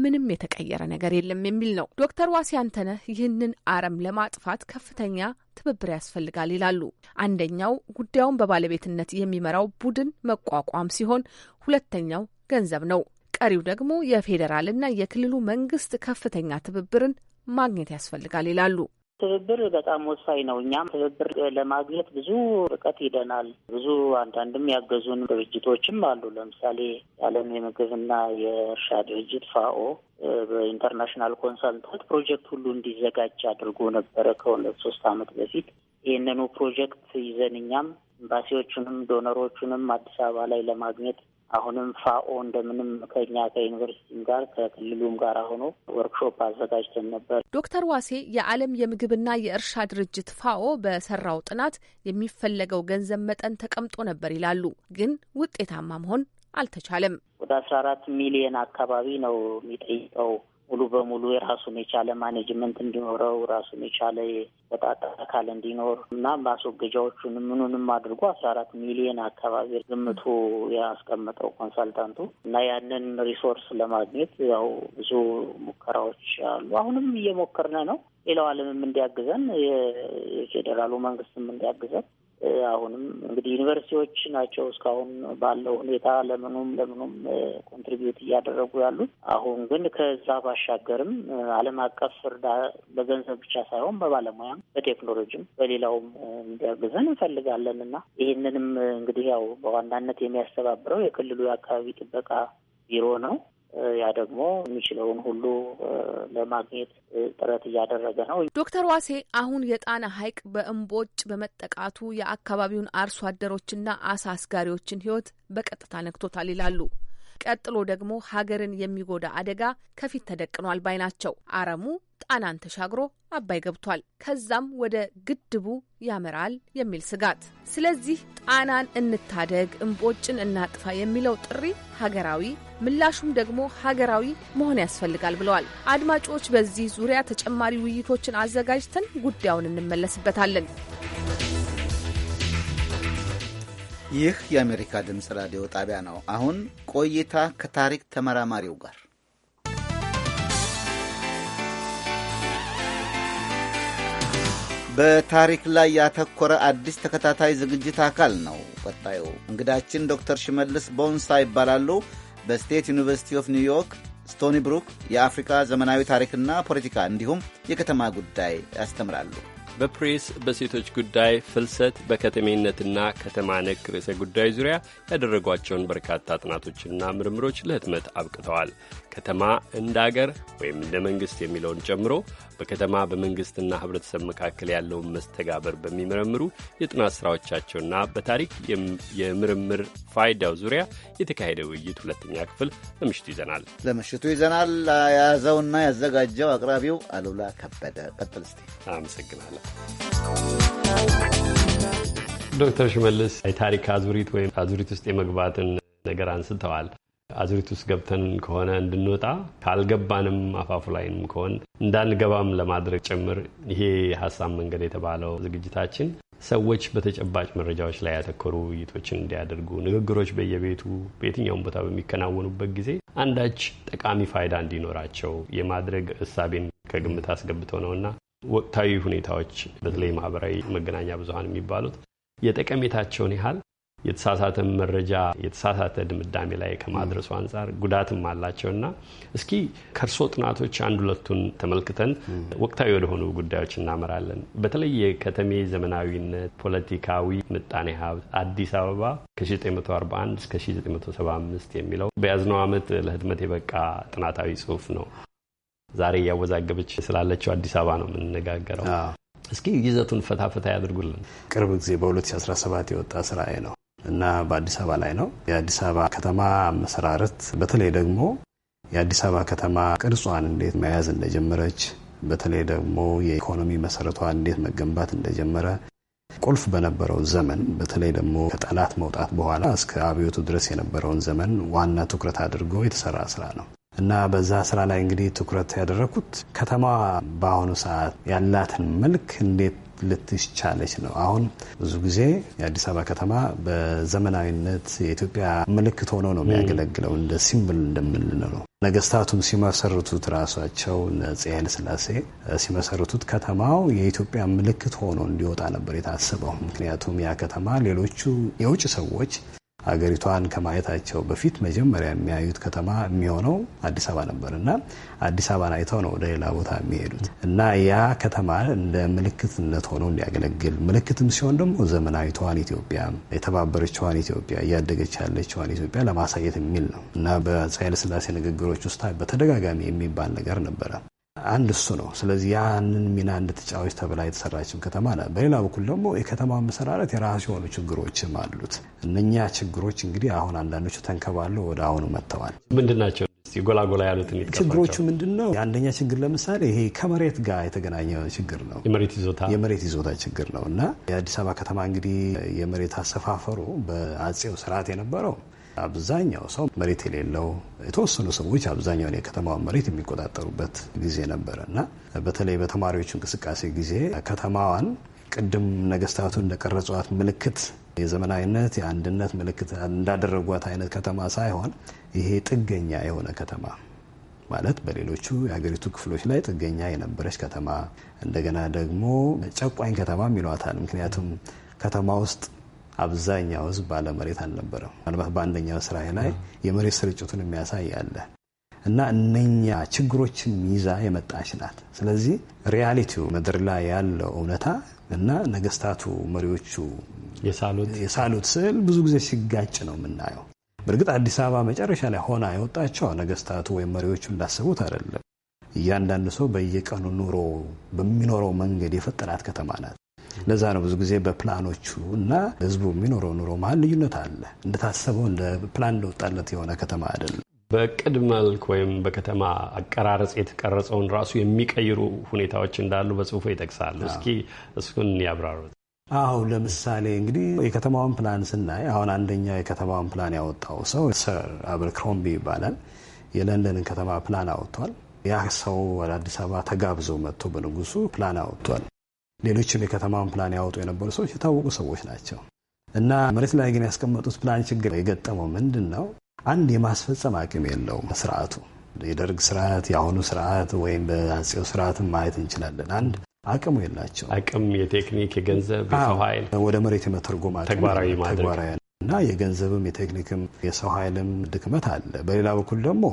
ምንም የተቀየረ ነገር የለም የሚል ነው። ዶክተር ዋሲ አንተነህ ይህንን አረም ለማጥፋት ከፍተኛ ትብብር ያስፈልጋል ይላሉ። አንደኛው ጉዳዩን በባለቤትነት የሚመራው ቡድን መቋቋም ሲሆን፣ ሁለተኛው ገንዘብ ነው። ቀሪው ደግሞ የፌዴራልና የክልሉ መንግስት ከፍተኛ ትብብርን ማግኘት ያስፈልጋል ይላሉ። ትብብር በጣም ወሳኝ ነው። እኛም ትብብር ለማግኘት ብዙ ርቀት ሂደናል። ብዙ አንዳንድም ያገዙን ድርጅቶችም አሉ። ለምሳሌ የዓለም የምግብና የእርሻ ድርጅት ፋኦ በኢንተርናሽናል ኮንሰልታት ፕሮጀክት ሁሉ እንዲዘጋጅ አድርጎ ነበረ ከሁለት ሶስት ዓመት በፊት ይህንኑ ፕሮጀክት ይዘን እኛም ኤምባሲዎቹንም ዶነሮቹንም አዲስ አበባ ላይ ለማግኘት አሁንም ፋኦ እንደምንም ከኛ ከዩኒቨርሲቲም ጋር ከክልሉም ጋር ሆኖ ወርክሾፕ አዘጋጅተን ነበር። ዶክተር ዋሴ የዓለም የምግብና የእርሻ ድርጅት ፋኦ በሰራው ጥናት የሚፈለገው ገንዘብ መጠን ተቀምጦ ነበር ይላሉ። ግን ውጤታማ መሆን አልተቻለም። ወደ አስራ አራት ሚሊየን አካባቢ ነው የሚጠይቀው ሙሉ በሙሉ የራሱን የቻለ ማኔጅመንት እንዲኖረው ራሱን የቻለ የወጣጣ አካል እንዲኖር እና ማስወገጃዎቹን ምኑንም አድርጎ አስራ አራት ሚሊዮን አካባቢ ግምቱ ያስቀመጠው ኮንሳልታንቱ እና ያንን ሪሶርስ ለማግኘት ያው ብዙ ሙከራዎች አሉ። አሁንም እየሞከርን ነው። ሌላው ዓለምም እንዲያግዘን የፌዴራሉ መንግስትም እንዲያግዘን አሁንም እንግዲህ ዩኒቨርሲቲዎች ናቸው እስካሁን ባለው ሁኔታ ለምኑም ለምኑም ኮንትሪቢዩት እያደረጉ ያሉት። አሁን ግን ከዛ ባሻገርም ዓለም አቀፍ እርዳ በገንዘብ ብቻ ሳይሆን በባለሙያም፣ በቴክኖሎጂም፣ በሌላውም እንዲያግዘን እንፈልጋለን እና ይህንንም እንግዲህ ያው በዋናነት የሚያስተባብረው የክልሉ የአካባቢ ጥበቃ ቢሮ ነው። ያ ደግሞ የሚችለውን ሁሉ ለማግኘት ጥረት እያደረገ ነው። ዶክተር ዋሴ አሁን የጣና ሐይቅ በእምቦጭ በመጠቃቱ የአካባቢውን አርሶ አደሮችና አሳ አስጋሪዎችን ሕይወት በቀጥታ ነክቶታል ይላሉ። ቀጥሎ ደግሞ ሀገርን የሚጎዳ አደጋ ከፊት ተደቅኗል ባይ ናቸው። አረሙ ጣናን ተሻግሮ አባይ ገብቷል፣ ከዛም ወደ ግድቡ ያመራል የሚል ስጋት። ስለዚህ ጣናን እንታደግ፣ እምቦጭን እናጥፋ የሚለው ጥሪ ሀገራዊ፣ ምላሹም ደግሞ ሀገራዊ መሆን ያስፈልጋል ብለዋል። አድማጮች፣ በዚህ ዙሪያ ተጨማሪ ውይይቶችን አዘጋጅተን ጉዳዩን እንመለስበታለን። ይህ የአሜሪካ ድምፅ ራዲዮ ጣቢያ ነው። አሁን ቆይታ ከታሪክ ተመራማሪው ጋር በታሪክ ላይ ያተኮረ አዲስ ተከታታይ ዝግጅት አካል ነው። ቀጣዩ እንግዳችን ዶክተር ሽመልስ ቦንሳ ይባላሉ። በስቴት ዩኒቨርሲቲ ኦፍ ኒውዮርክ ስቶኒ ብሩክ የአፍሪካ ዘመናዊ ታሪክና ፖለቲካ እንዲሁም የከተማ ጉዳይ ያስተምራሉ። በፕሬስ በሴቶች ጉዳይ ፍልሰት፣ በከተሜነትና ከተማ ነክ ርዕሰ ጉዳይ ዙሪያ ያደረጓቸውን በርካታ ጥናቶችና ምርምሮች ለህትመት አብቅተዋል። ከተማ እንደ አገር ወይም እንደ መንግሥት የሚለውን ጨምሮ በከተማ በመንግሥትና ኅብረተሰብ መካከል ያለውን መስተጋበር በሚመረምሩ የጥናት ሥራዎቻቸውና በታሪክ የምርምር ፋይዳው ዙሪያ የተካሄደ ውይይት ሁለተኛ ክፍል ለምሽቱ ይዘናል ለምሽቱ ይዘናል። የያዘውና ያዘጋጀው አቅራቢው አሉላ ከበደ። ቀጥል እስቲ። አመሰግናለሁ ዶክተር ሽመልስ የታሪክ አዙሪት ወይም አዙሪት ውስጥ የመግባትን ነገር አንስተዋል። አዙሪት ውስጥ ገብተን ከሆነ እንድንወጣ ካልገባንም አፋፉ ላይም ከሆን እንዳንገባም ለማድረግ ጭምር ይሄ ሀሳብ መንገድ የተባለው ዝግጅታችን ሰዎች በተጨባጭ መረጃዎች ላይ ያተኮሩ ውይይቶችን እንዲያደርጉ ንግግሮች በየቤቱ በየትኛውም ቦታ በሚከናወኑበት ጊዜ አንዳች ጠቃሚ ፋይዳ እንዲኖራቸው የማድረግ እሳቤን ከግምት አስገብተው ነውና ወቅታዊ ሁኔታዎች በተለይ ማህበራዊ መገናኛ ብዙሀን የሚባሉት የጠቀሜታቸውን ያህል የተሳሳተ መረጃ የተሳሳተ ድምዳሜ ላይ ከማድረሱ አንጻር ጉዳትም እና እስኪ ከእርሶ ጥናቶች አንድ ሁለቱን ተመልክተን ወቅታዊ ወደሆኑ ጉዳዮች እናመራለን። በተለይ የከተሜ ዘመናዊነት፣ ፖለቲካዊ ምጣኔ ሀብት አዲስ አበባ ከ1941 እስከ 1975 የሚለው በያዝነው ዓመት ለህትመት የበቃ ጥናታዊ ጽሁፍ ነው። ዛሬ እያወዛገበች ስላለችው አዲስ አበባ ነው የምንነጋገረው። እስኪ ይዘቱን ፈታፈታ ያድርጉልን። ቅርብ ጊዜ በ2017 የወጣ ስራዬ ነው። እና በአዲስ አበባ ላይ ነው። የአዲስ አበባ ከተማ መሰራረት፣ በተለይ ደግሞ የአዲስ አበባ ከተማ ቅርጿን እንዴት መያዝ እንደጀመረች፣ በተለይ ደግሞ የኢኮኖሚ መሰረቷ እንዴት መገንባት እንደጀመረ ቁልፍ በነበረው ዘመን በተለይ ደግሞ ከጠላት መውጣት በኋላ እስከ አብዮቱ ድረስ የነበረውን ዘመን ዋና ትኩረት አድርጎ የተሰራ ስራ ነው እና በዛ ስራ ላይ እንግዲህ ትኩረት ያደረኩት ከተማዋ በአሁኑ ሰዓት ያላትን መልክ እንዴት ልትቻለች ነው። አሁን ብዙ ጊዜ የአዲስ አበባ ከተማ በዘመናዊነት የኢትዮጵያ ምልክት ሆኖ ነው የሚያገለግለው፣ እንደ ሲምብል እንደምንለው ነው። ነገስታቱም ሲመሰርቱት ራሳቸው አፄ ኃይለ ሥላሴ ሲመሰርቱት ከተማው የኢትዮጵያ ምልክት ሆኖ እንዲወጣ ነበር የታሰበው። ምክንያቱም ያ ከተማ ሌሎቹ የውጭ ሰዎች ሀገሪቷን ከማየታቸው በፊት መጀመሪያ የሚያዩት ከተማ የሚሆነው አዲስ አበባ ነበር እና አዲስ አበባን አይተው ነው ወደ ሌላ ቦታ የሚሄዱት እና ያ ከተማ እንደ ምልክትነት ሆኖ እንዲያገለግል ምልክትም ሲሆን ደግሞ ዘመናዊቷን ኢትዮጵያ፣ የተባበረችዋን ኢትዮጵያ፣ እያደገች ያለችዋን ኢትዮጵያ ለማሳየት የሚል ነው እና በኃይለሥላሴ ንግግሮች ውስጥ በተደጋጋሚ የሚባል ነገር ነበረ። አንድ እሱ ነው። ስለዚህ ያንን ሚና እንድትጫወች ተብላ የተሰራችም ከተማ ናት። በሌላ በኩል ደግሞ የከተማ መሰራረት የራሱ የሆኑ ችግሮችም አሉት። እነኛ ችግሮች እንግዲህ አሁን አንዳንዶቹ ተንከባለው ወደ አሁኑ መጥተዋል። ምንድን ናቸው የጎላጎላ ያሉት ችግሮቹ ምንድን ነው? የአንደኛ ችግር ለምሳሌ ይሄ ከመሬት ጋር የተገናኘ ችግር ነው። የመሬት ይዞታ ችግር ነው እና የአዲስ አበባ ከተማ እንግዲህ የመሬት አሰፋፈሩ በአጼው ስርዓት የነበረው አብዛኛው ሰው መሬት የሌለው የተወሰኑ ሰዎች አብዛኛውን የከተማውን መሬት የሚቆጣጠሩበት ጊዜ ነበር እና በተለይ በተማሪዎች እንቅስቃሴ ጊዜ ከተማዋን ቅድም ነገስታቱ እንደቀረጿት ምልክት የዘመናዊነት የአንድነት ምልክት እንዳደረጓት አይነት ከተማ ሳይሆን ይሄ ጥገኛ የሆነ ከተማ ማለት በሌሎቹ የሀገሪቱ ክፍሎች ላይ ጥገኛ የነበረች ከተማ እንደገና ደግሞ ጨቋኝ ከተማ ይሏታል። ምክንያቱም ከተማ ውስጥ አብዛኛው ህዝብ ባለመሬት አልነበረም። ምናልባት በአንደኛው ስራ ላይ የመሬት ስርጭቱን የሚያሳይ አለ እና እነኛ ችግሮችን ይዛ የመጣች ናት። ስለዚህ ሪያሊቲው ምድር ላይ ያለው እውነታ እና ነገስታቱ መሪዎቹ የሳሉት ስዕል ብዙ ጊዜ ሲጋጭ ነው የምናየው። በእርግጥ አዲስ አበባ መጨረሻ ላይ ሆና የወጣቸው ነገስታቱ ወይም መሪዎቹ እንዳሰቡት አይደለም። እያንዳንዱ ሰው በየቀኑ ኑሮ በሚኖረው መንገድ የፈጠራት ከተማ ናት። ለዛ ነው ብዙ ጊዜ በፕላኖቹ እና ህዝቡ የሚኖረው ኑሮ መሀል ልዩነት አለ። እንደታሰበው እንደ ፕላን እንደወጣለት የሆነ ከተማ አይደለም። በቅድ መልክ ወይም በከተማ አቀራረጽ የተቀረጸውን ራሱ የሚቀይሩ ሁኔታዎች እንዳሉ በጽሁፎ ይጠቅሳሉ። እስኪ እሱን ያብራሩት። አሁ ለምሳሌ እንግዲህ የከተማውን ፕላን ስናይ አሁን አንደኛው የከተማውን ፕላን ያወጣው ሰው ሰር ክሮምቢ ይባላል። የለንደንን ከተማ ፕላን አወጥቷል። ያ ሰው ወደ አዲስ አበባ ተጋብዞ መጥቶ በንጉሱ ፕላን አወጥቷል። ሌሎችም የከተማውን ፕላን ያወጡ የነበሩ ሰዎች የታወቁ ሰዎች ናቸው እና መሬት ላይ ግን ያስቀመጡት ፕላን ችግር የገጠመው ምንድን ነው? አንድ የማስፈጸም አቅም የለውም ስርዓቱ። የደርግ ስርዓት፣ የአሁኑ ስርዓት ወይም በአጼው ስርዓትን ማየት እንችላለን። አንድ አቅሙ የላቸው አቅም የቴክኒክ የገንዘብ የሰው ኃይል ወደ መሬት የመተርጎም ተግባራዊ እና የገንዘብም የቴክኒክም የሰው ኃይልም ድክመት አለ። በሌላ በኩል ደግሞ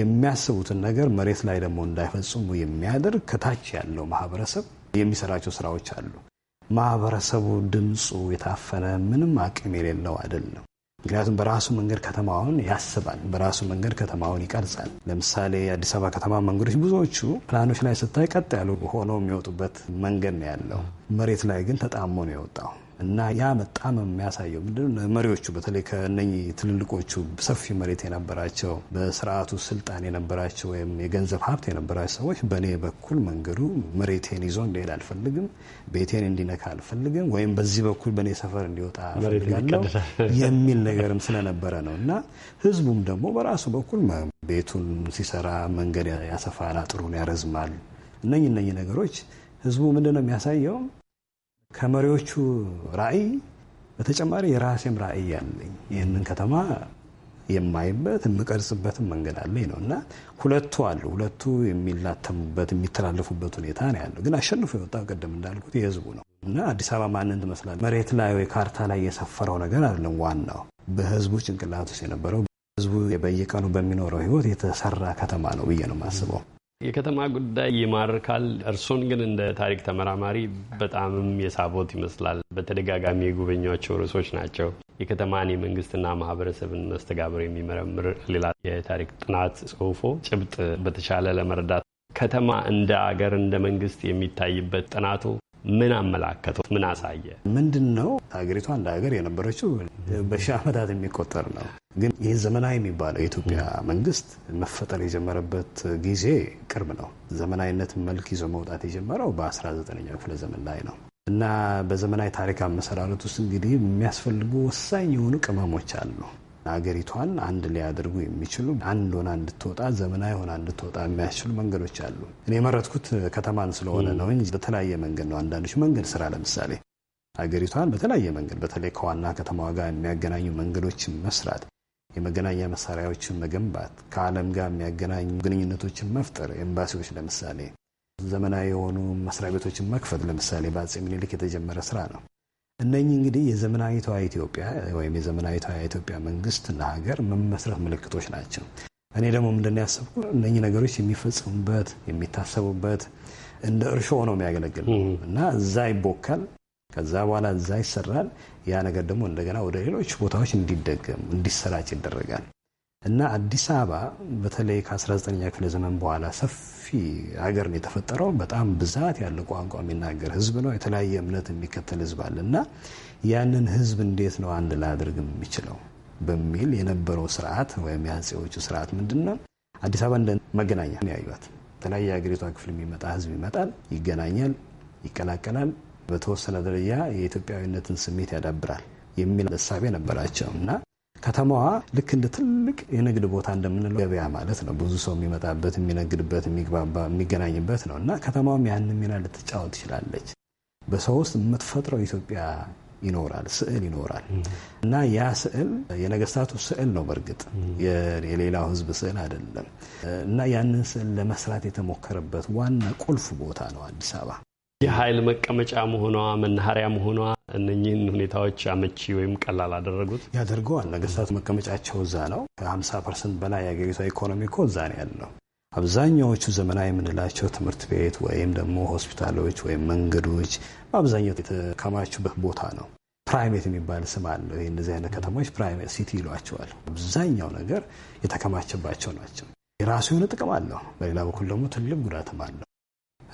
የሚያስቡትን ነገር መሬት ላይ ደግሞ እንዳይፈጽሙ የሚያደርግ ከታች ያለው ማህበረሰብ የሚሰራቸው ስራዎች አሉ። ማህበረሰቡ ድምፁ የታፈነ ምንም አቅም የሌለው አይደለም። ምክንያቱም በራሱ መንገድ ከተማውን ያስባል፣ በራሱ መንገድ ከተማውን ይቀርጻል። ለምሳሌ የአዲስ አበባ ከተማ መንገዶች ብዙዎቹ ፕላኖች ላይ ስታይ ቀጥ ያሉ ሆነው የሚወጡበት መንገድ ነው ያለው። መሬት ላይ ግን ተጣሞ ነው የወጣው። እና ያ በጣም የሚያሳየው ምንድነው መሪዎቹ በተለይ ከነኚህ ትልልቆቹ ሰፊ መሬት የነበራቸው በስርዓቱ ስልጣን የነበራቸው ወይም የገንዘብ ሀብት የነበራቸው ሰዎች በእኔ በኩል መንገዱ መሬቴን ይዞ እንዲሄድ አልፈልግም፣ ቤቴን እንዲነካ አልፈልግም፣ ወይም በዚህ በኩል በእኔ ሰፈር እንዲወጣ ፈልጋለሁ የሚል ነገርም ስለነበረ ነው እና ህዝቡም ደግሞ በራሱ በኩል ቤቱን ሲሰራ መንገድ ያሰፋል፣ አጥሩን ያረዝማል። እነኝ እነኝ ነገሮች ህዝቡ ምንድነው የሚያሳየው ከመሪዎቹ ራዕይ በተጨማሪ የራሴም ራዕይ ያለኝ ይህንን ከተማ የማይበት የምቀርጽበትም መንገድ አለኝ ነው እና ሁለቱ አሉ። ሁለቱ የሚላተሙበት የሚተላለፉበት ሁኔታ ነው ያለው። ግን አሸንፎ የወጣው ቅድም እንዳልኩት የህዝቡ ነው እና አዲስ አበባ ማንን ትመስላል? መሬት ላይ ወይ ካርታ ላይ የሰፈረው ነገር አይደለም። ዋናው በህዝቡ ጭንቅላት ውስጥ የነበረው ህዝቡ በየቀኑ በሚኖረው ህይወት የተሰራ ከተማ ነው ብዬ ነው የማስበው። የከተማ ጉዳይ ይማርካል። እርሶን ግን እንደ ታሪክ ተመራማሪ በጣምም የሳቦት ይመስላል። በተደጋጋሚ የጎበኟቸው ርዕሶች ናቸው። የከተማን የመንግስትና ማህበረሰብን መስተጋብር የሚመረምር ሌላ የታሪክ ጥናት ጽሁፎ ጭብጥ በተቻለ ለመረዳት ከተማ እንደ አገር እንደ መንግስት የሚታይበት ጥናቱ ምን አመላከተው? ምን አሳየ? ምንድን ነው ሀገሪቷ እንደ ሀገር የነበረችው በሺህ ዓመታት የሚቆጠር ነው። ግን ይህ ዘመናዊ የሚባለው የኢትዮጵያ መንግስት መፈጠር የጀመረበት ጊዜ ቅርብ ነው። ዘመናዊነት መልክ ይዞ መውጣት የጀመረው በ19ኛው ክፍለ ዘመን ላይ ነው እና በዘመናዊ ታሪክ አመሰራረት ውስጥ እንግዲህ የሚያስፈልጉ ወሳኝ የሆኑ ቅመሞች አሉ። አገሪቷን አንድ ሊያደርጉ የሚችሉ አንድ ሆና እንድትወጣ ዘመናዊ ሆና እንድትወጣ የሚያስችሉ መንገዶች አሉ። እኔ የመረጥኩት ከተማን ስለሆነ ነው እንጂ በተለያየ መንገድ ነው። አንዳንዶች መንገድ ስራ ለምሳሌ አገሪቷን በተለያየ መንገድ በተለይ ከዋና ከተማዋ ጋር የሚያገናኙ መንገዶችን መስራት፣ የመገናኛ መሳሪያዎችን መገንባት፣ ከዓለም ጋር የሚያገናኙ ግንኙነቶችን መፍጠር፣ ኤምባሲዎች ለምሳሌ ዘመናዊ የሆኑ መስሪያ ቤቶችን መክፈት ለምሳሌ በአፄ ምኒልክ የተጀመረ ስራ ነው። እነኚህ እንግዲህ የዘመናዊቷ ኢትዮጵያ ወይም የዘመናዊቷ ኢትዮጵያ እና ሀገር መመስረት ምልክቶች ናቸው። እኔ ደግሞ ምንድን ያሰብኩ እነኚህ ነገሮች የሚፈጸሙበት የሚታሰቡበት እንደ እርሾ ነው የሚያገለግል እና እዛ ይቦካል። ከዛ በኋላ እዛ ይሰራል። ያ ነገር ደግሞ እንደገና ወደ ሌሎች ቦታዎች እንዲደገም እንዲሰራጭ ይደረጋል። እና አዲስ አበባ በተለይ ከ19ኛ ክፍለ ዘመን በኋላ ሰፊ ሀገር ነው የተፈጠረው። በጣም ብዛት ያለ ቋንቋ የሚናገር ህዝብ ነው። የተለያየ እምነት የሚከተል ህዝብ አለ እና ያንን ህዝብ እንዴት ነው አንድ ላድርግ የሚችለው በሚል የነበረው ስርዓት ወይም የአፄዎቹ ስርዓት ምንድን ነው? አዲስ አበባ እንደ መገናኛ ያዩት። የተለያየ ሀገሪቷ ክፍል የሚመጣ ህዝብ ይመጣል፣ ይገናኛል፣ ይቀላቀላል፣ በተወሰነ ደረጃ የኢትዮጵያዊነትን ስሜት ያዳብራል የሚል እሳቤ ነበራቸው እና ከተማዋ ልክ እንደ ትልቅ የንግድ ቦታ እንደምንለው ገበያ ማለት ነው። ብዙ ሰው የሚመጣበት፣ የሚነግድበት፣ የሚግባባ፣ የሚገናኝበት ነው እና ከተማዋም ያንን ሚና ልትጫወት ትችላለች። በሰው ውስጥ የምትፈጥረው ኢትዮጵያ ይኖራል፣ ስዕል ይኖራል እና ያ ስዕል የነገስታቱ ስዕል ነው። በእርግጥ የሌላው ሕዝብ ስዕል አይደለም እና ያንን ስዕል ለመስራት የተሞከረበት ዋና ቁልፍ ቦታ ነው አዲስ አበባ የኃይል መቀመጫ መሆኗ መናኸሪያ መሆኗ እነኚህን ሁኔታዎች አመቺ ወይም ቀላል አደረጉት ያደርገዋል። ነገስታት መቀመጫቸው እዛ ነው። ከ50 ፐርሰንት በላይ የሀገሪቷ ኢኮኖሚ እኮ እዛ ነው ያለው። አብዛኛዎቹ ዘመናዊ የምንላቸው ትምህርት ቤት ወይም ደግሞ ሆስፒታሎች ወይም መንገዶች በአብዛኛው የተከማቹበት ቦታ ነው። ፕራይሜት የሚባል ስም አለ። ይህ እንደዚህ አይነት ከተሞች ፕራይሜት ሲቲ ይሏቸዋል። አብዛኛው ነገር የተከማቸባቸው ናቸው። የራሱ የሆነ ጥቅም አለው። በሌላ በኩል ደግሞ ትልቅ ጉዳትም አለው።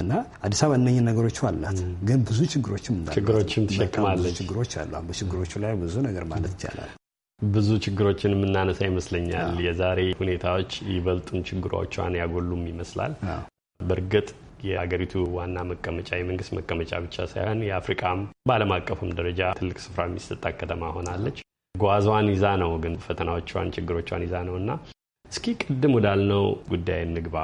እና አዲስ አበባ እነኝ ነገሮች አላት፣ ግን ብዙ ችግሮችም ችግሮችም ትሸክማለች። ችግሮች አሉ። በችግሮቹ ላይ ብዙ ነገር ማለት ይቻላል። ብዙ ችግሮችን የምናነሳ ይመስለኛል። የዛሬ ሁኔታዎች ይበልጡን ችግሮቿን ያጎሉም ይመስላል። በእርግጥ የአገሪቱ ዋና መቀመጫ የመንግስት መቀመጫ ብቻ ሳይሆን የአፍሪቃም በዓለም አቀፉም ደረጃ ትልቅ ስፍራ የሚሰጣት ከተማ ሆናለች። ጓዟን ይዛ ነው ግን ፈተናዎቿን፣ ችግሮቿን ይዛ ነው እና እስኪ ቅድም ወዳልነው ጉዳይ እንግባ።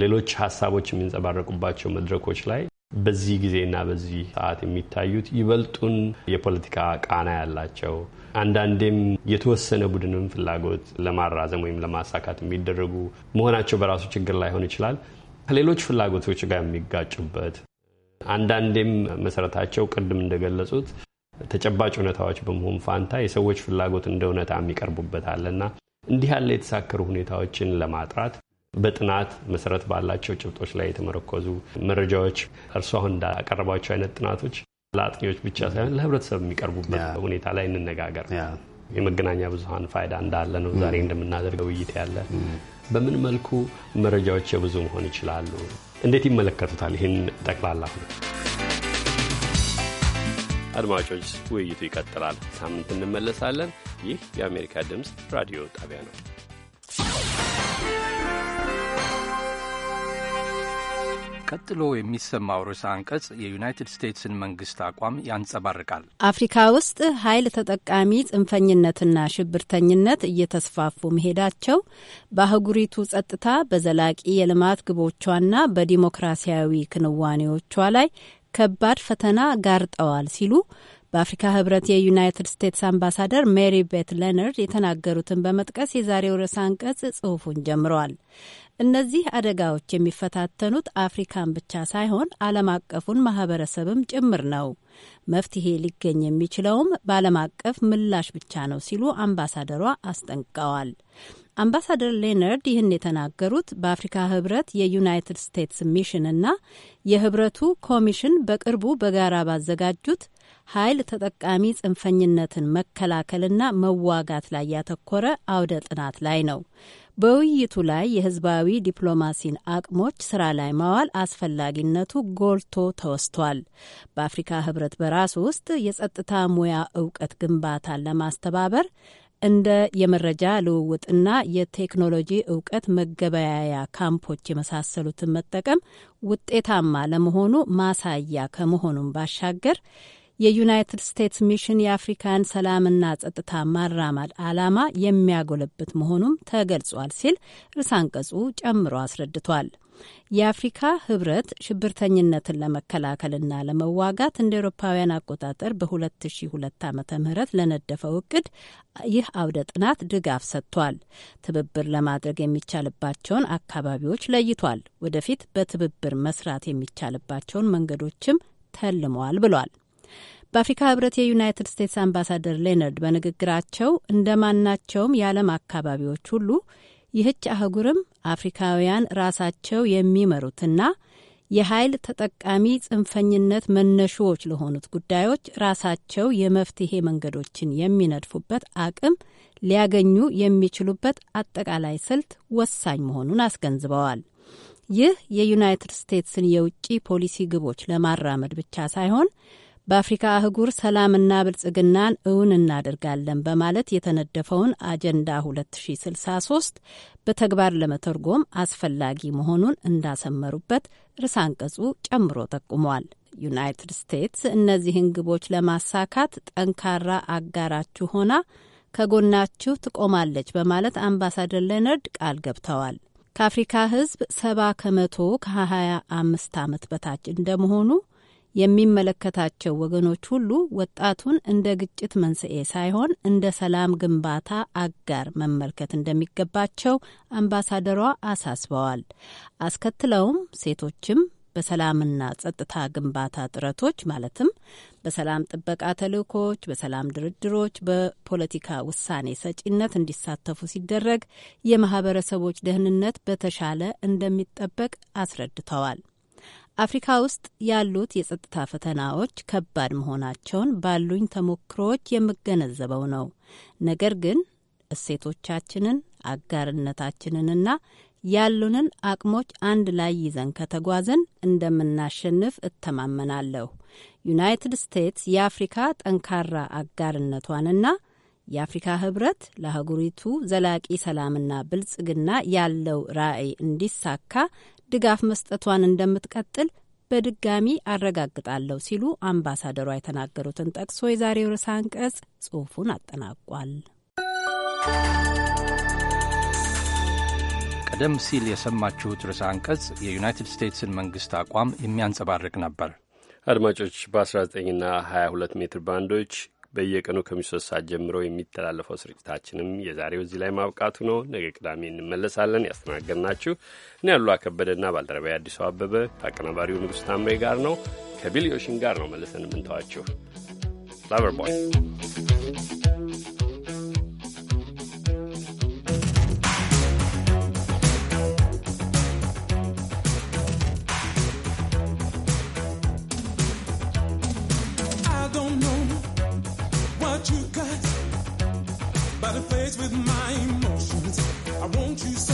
ሌሎች ሀሳቦች የሚንጸባረቁባቸው መድረኮች ላይ በዚህ ጊዜና በዚህ ሰዓት የሚታዩት ይበልጡን የፖለቲካ ቃና ያላቸው አንዳንዴም የተወሰነ ቡድንም ፍላጎት ለማራዘም ወይም ለማሳካት የሚደረጉ መሆናቸው በራሱ ችግር ላይሆን ይችላል። ከሌሎች ፍላጎቶች ጋር የሚጋጩበት አንዳንዴም መሰረታቸው ቅድም እንደገለጹት ተጨባጭ እውነታዎች በመሆን ፋንታ የሰዎች ፍላጎት እንደ እውነታ የሚቀርቡበት አለና እንዲህ ያለ የተሳከሩ ሁኔታዎችን ለማጥራት በጥናት መሰረት ባላቸው ጭብጦች ላይ የተመረኮዙ መረጃዎች እርስዎ አሁን እንዳቀረባቸው አይነት ጥናቶች ለአጥኚዎች ብቻ ሳይሆን ለህብረተሰብ የሚቀርቡበት ሁኔታ ላይ እንነጋገር። የመገናኛ ብዙሀን ፋይዳ እንዳለ ነው ዛሬ እንደምናደርገው ውይይት ያለ። በምን መልኩ መረጃዎች የብዙ መሆን ይችላሉ? እንዴት ይመለከቱታል? ይህን ጠቅላላ አድማጮች፣ ውይይቱ ይቀጥላል። ሳምንት እንመለሳለን። ይህ የአሜሪካ ድምፅ ራዲዮ ጣቢያ ነው። ቀጥሎ የሚሰማው ርዕሰ አንቀጽ የዩናይትድ ስቴትስን መንግስት አቋም ያንጸባርቃል። አፍሪካ ውስጥ ኃይል ተጠቃሚ ጽንፈኝነትና ሽብርተኝነት እየተስፋፉ መሄዳቸው በአህጉሪቱ ጸጥታ፣ በዘላቂ የልማት ግቦቿና በዲሞክራሲያዊ ክንዋኔዎቿ ላይ ከባድ ፈተና ጋርጠዋል ሲሉ በአፍሪካ ህብረት የዩናይትድ ስቴትስ አምባሳደር ሜሪ ቤት ሌነርድ የተናገሩትን በመጥቀስ የዛሬው ርዕሰ አንቀጽ ጽሑፉን ጀምረዋል። እነዚህ አደጋዎች የሚፈታተኑት አፍሪካን ብቻ ሳይሆን ዓለም አቀፉን ማህበረሰብም ጭምር ነው። መፍትሄ ሊገኝ የሚችለውም በዓለም አቀፍ ምላሽ ብቻ ነው ሲሉ አምባሳደሯ አስጠንቅቀዋል። አምባሳደር ሌነርድ ይህን የተናገሩት በአፍሪካ ህብረት የዩናይትድ ስቴትስ ሚሽን እና የህብረቱ ኮሚሽን በቅርቡ በጋራ ባዘጋጁት ኃይል ተጠቃሚ ጽንፈኝነትን መከላከልና መዋጋት ላይ ያተኮረ አውደ ጥናት ላይ ነው። በውይይቱ ላይ የህዝባዊ ዲፕሎማሲን አቅሞች ስራ ላይ ማዋል አስፈላጊነቱ ጎልቶ ተወስቷል። በአፍሪካ ህብረት በራሱ ውስጥ የጸጥታ ሙያ እውቀት ግንባታን ለማስተባበር እንደ የመረጃ ልውውጥና የቴክኖሎጂ እውቀት መገበያያ ካምፖች የመሳሰሉትን መጠቀም ውጤታማ ለመሆኑ ማሳያ ከመሆኑን ባሻገር የዩናይትድ ስቴትስ ሚሽን የአፍሪካን ሰላምና ጸጥታ ማራማድ ዓላማ የሚያጎለብት መሆኑም ተገልጿል ሲል ርዕሰ አንቀጹ ጨምሮ አስረድቷል። የአፍሪካ ህብረት ሽብርተኝነትን ለመከላከልና ለመዋጋት እንደ ኤሮፓውያን አቆጣጠር በ2002 ዓ ም ለነደፈው እቅድ ይህ አውደ ጥናት ድጋፍ ሰጥቷል። ትብብር ለማድረግ የሚቻልባቸውን አካባቢዎች ለይቷል። ወደፊት በትብብር መስራት የሚቻልባቸውን መንገዶችም ተልመዋል ብሏል። በአፍሪካ ህብረት የዩናይትድ ስቴትስ አምባሳደር ሌነርድ በንግግራቸው እንደ ማናቸውም የዓለም አካባቢዎች ሁሉ ይህች አህጉርም አፍሪካውያን ራሳቸው የሚመሩትና የኃይል ተጠቃሚ ጽንፈኝነት መነሾዎች ለሆኑት ጉዳዮች ራሳቸው የመፍትሄ መንገዶችን የሚነድፉበት አቅም ሊያገኙ የሚችሉበት አጠቃላይ ስልት ወሳኝ መሆኑን አስገንዝበዋል። ይህ የዩናይትድ ስቴትስን የውጭ ፖሊሲ ግቦች ለማራመድ ብቻ ሳይሆን በአፍሪካ አህጉር ሰላምና ብልጽግናን እውን እናደርጋለን በማለት የተነደፈውን አጀንዳ 2063 በተግባር ለመተርጎም አስፈላጊ መሆኑን እንዳሰመሩበት ርዕሰ አንቀጹ ጨምሮ ጠቁሟል። ዩናይትድ ስቴትስ እነዚህን ግቦች ለማሳካት ጠንካራ አጋራችሁ ሆና ከጎናችሁ ትቆማለች በማለት አምባሳደር ሌነርድ ቃል ገብተዋል። ከአፍሪካ ሕዝብ ሰባ ከመቶ ከ25 ዓመት በታች እንደመሆኑ የሚመለከታቸው ወገኖች ሁሉ ወጣቱን እንደ ግጭት መንስኤ ሳይሆን እንደ ሰላም ግንባታ አጋር መመልከት እንደሚገባቸው አምባሳደሯ አሳስበዋል። አስከትለውም ሴቶችም በሰላምና ጸጥታ ግንባታ ጥረቶች ማለትም በሰላም ጥበቃ ተልእኮች፣ በሰላም ድርድሮች፣ በፖለቲካ ውሳኔ ሰጪነት እንዲሳተፉ ሲደረግ የማህበረሰቦች ደህንነት በተሻለ እንደሚጠበቅ አስረድተዋል። አፍሪካ ውስጥ ያሉት የጸጥታ ፈተናዎች ከባድ መሆናቸውን ባሉኝ ተሞክሮዎች የምገነዘበው ነው። ነገር ግን እሴቶቻችንን፣ አጋርነታችንንና ያሉንን አቅሞች አንድ ላይ ይዘን ከተጓዝን እንደምናሸንፍ እተማመናለሁ። ዩናይትድ ስቴትስ የአፍሪካ ጠንካራ አጋርነቷንና የአፍሪካ ህብረት ለአህጉሪቱ ዘላቂ ሰላምና ብልጽግና ያለው ራዕይ እንዲሳካ ድጋፍ መስጠቷን እንደምትቀጥል በድጋሚ አረጋግጣለሁ ሲሉ አምባሳደሯ የተናገሩትን ጠቅሶ የዛሬው ርዕሰ አንቀጽ ጽሑፉን አጠናቋል። ቀደም ሲል የሰማችሁት ርዕሰ አንቀጽ የዩናይትድ ስቴትስን መንግስት አቋም የሚያንጸባርቅ ነበር። አድማጮች በ19ና 22 ሜትር ባንዶች በየቀኑ ከምሽቱ ሶስት ሰዓት ጀምሮ የሚተላለፈው ስርጭታችንም የዛሬው እዚህ ላይ ማብቃቱ ነው። ነገ ቅዳሜ እንመለሳለን። ያስተናገድናችሁ እኔ ያሉ አከበደና ባልደረባዊ አዲሱ አበበ ከአቀናባሪው ንጉሥ ታምሬ ጋር ነው ከቢሊዮሽን ጋር ነው መልሰን የምንተዋችሁ ላቨርቧል but it plays with my emotions. I want you so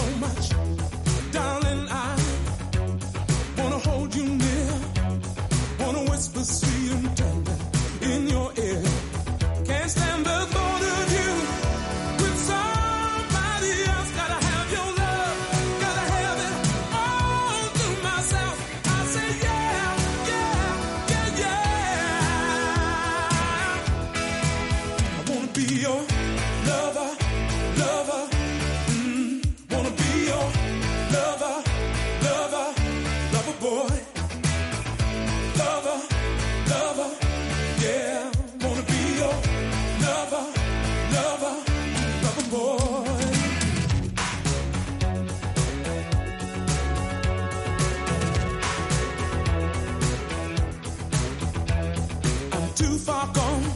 far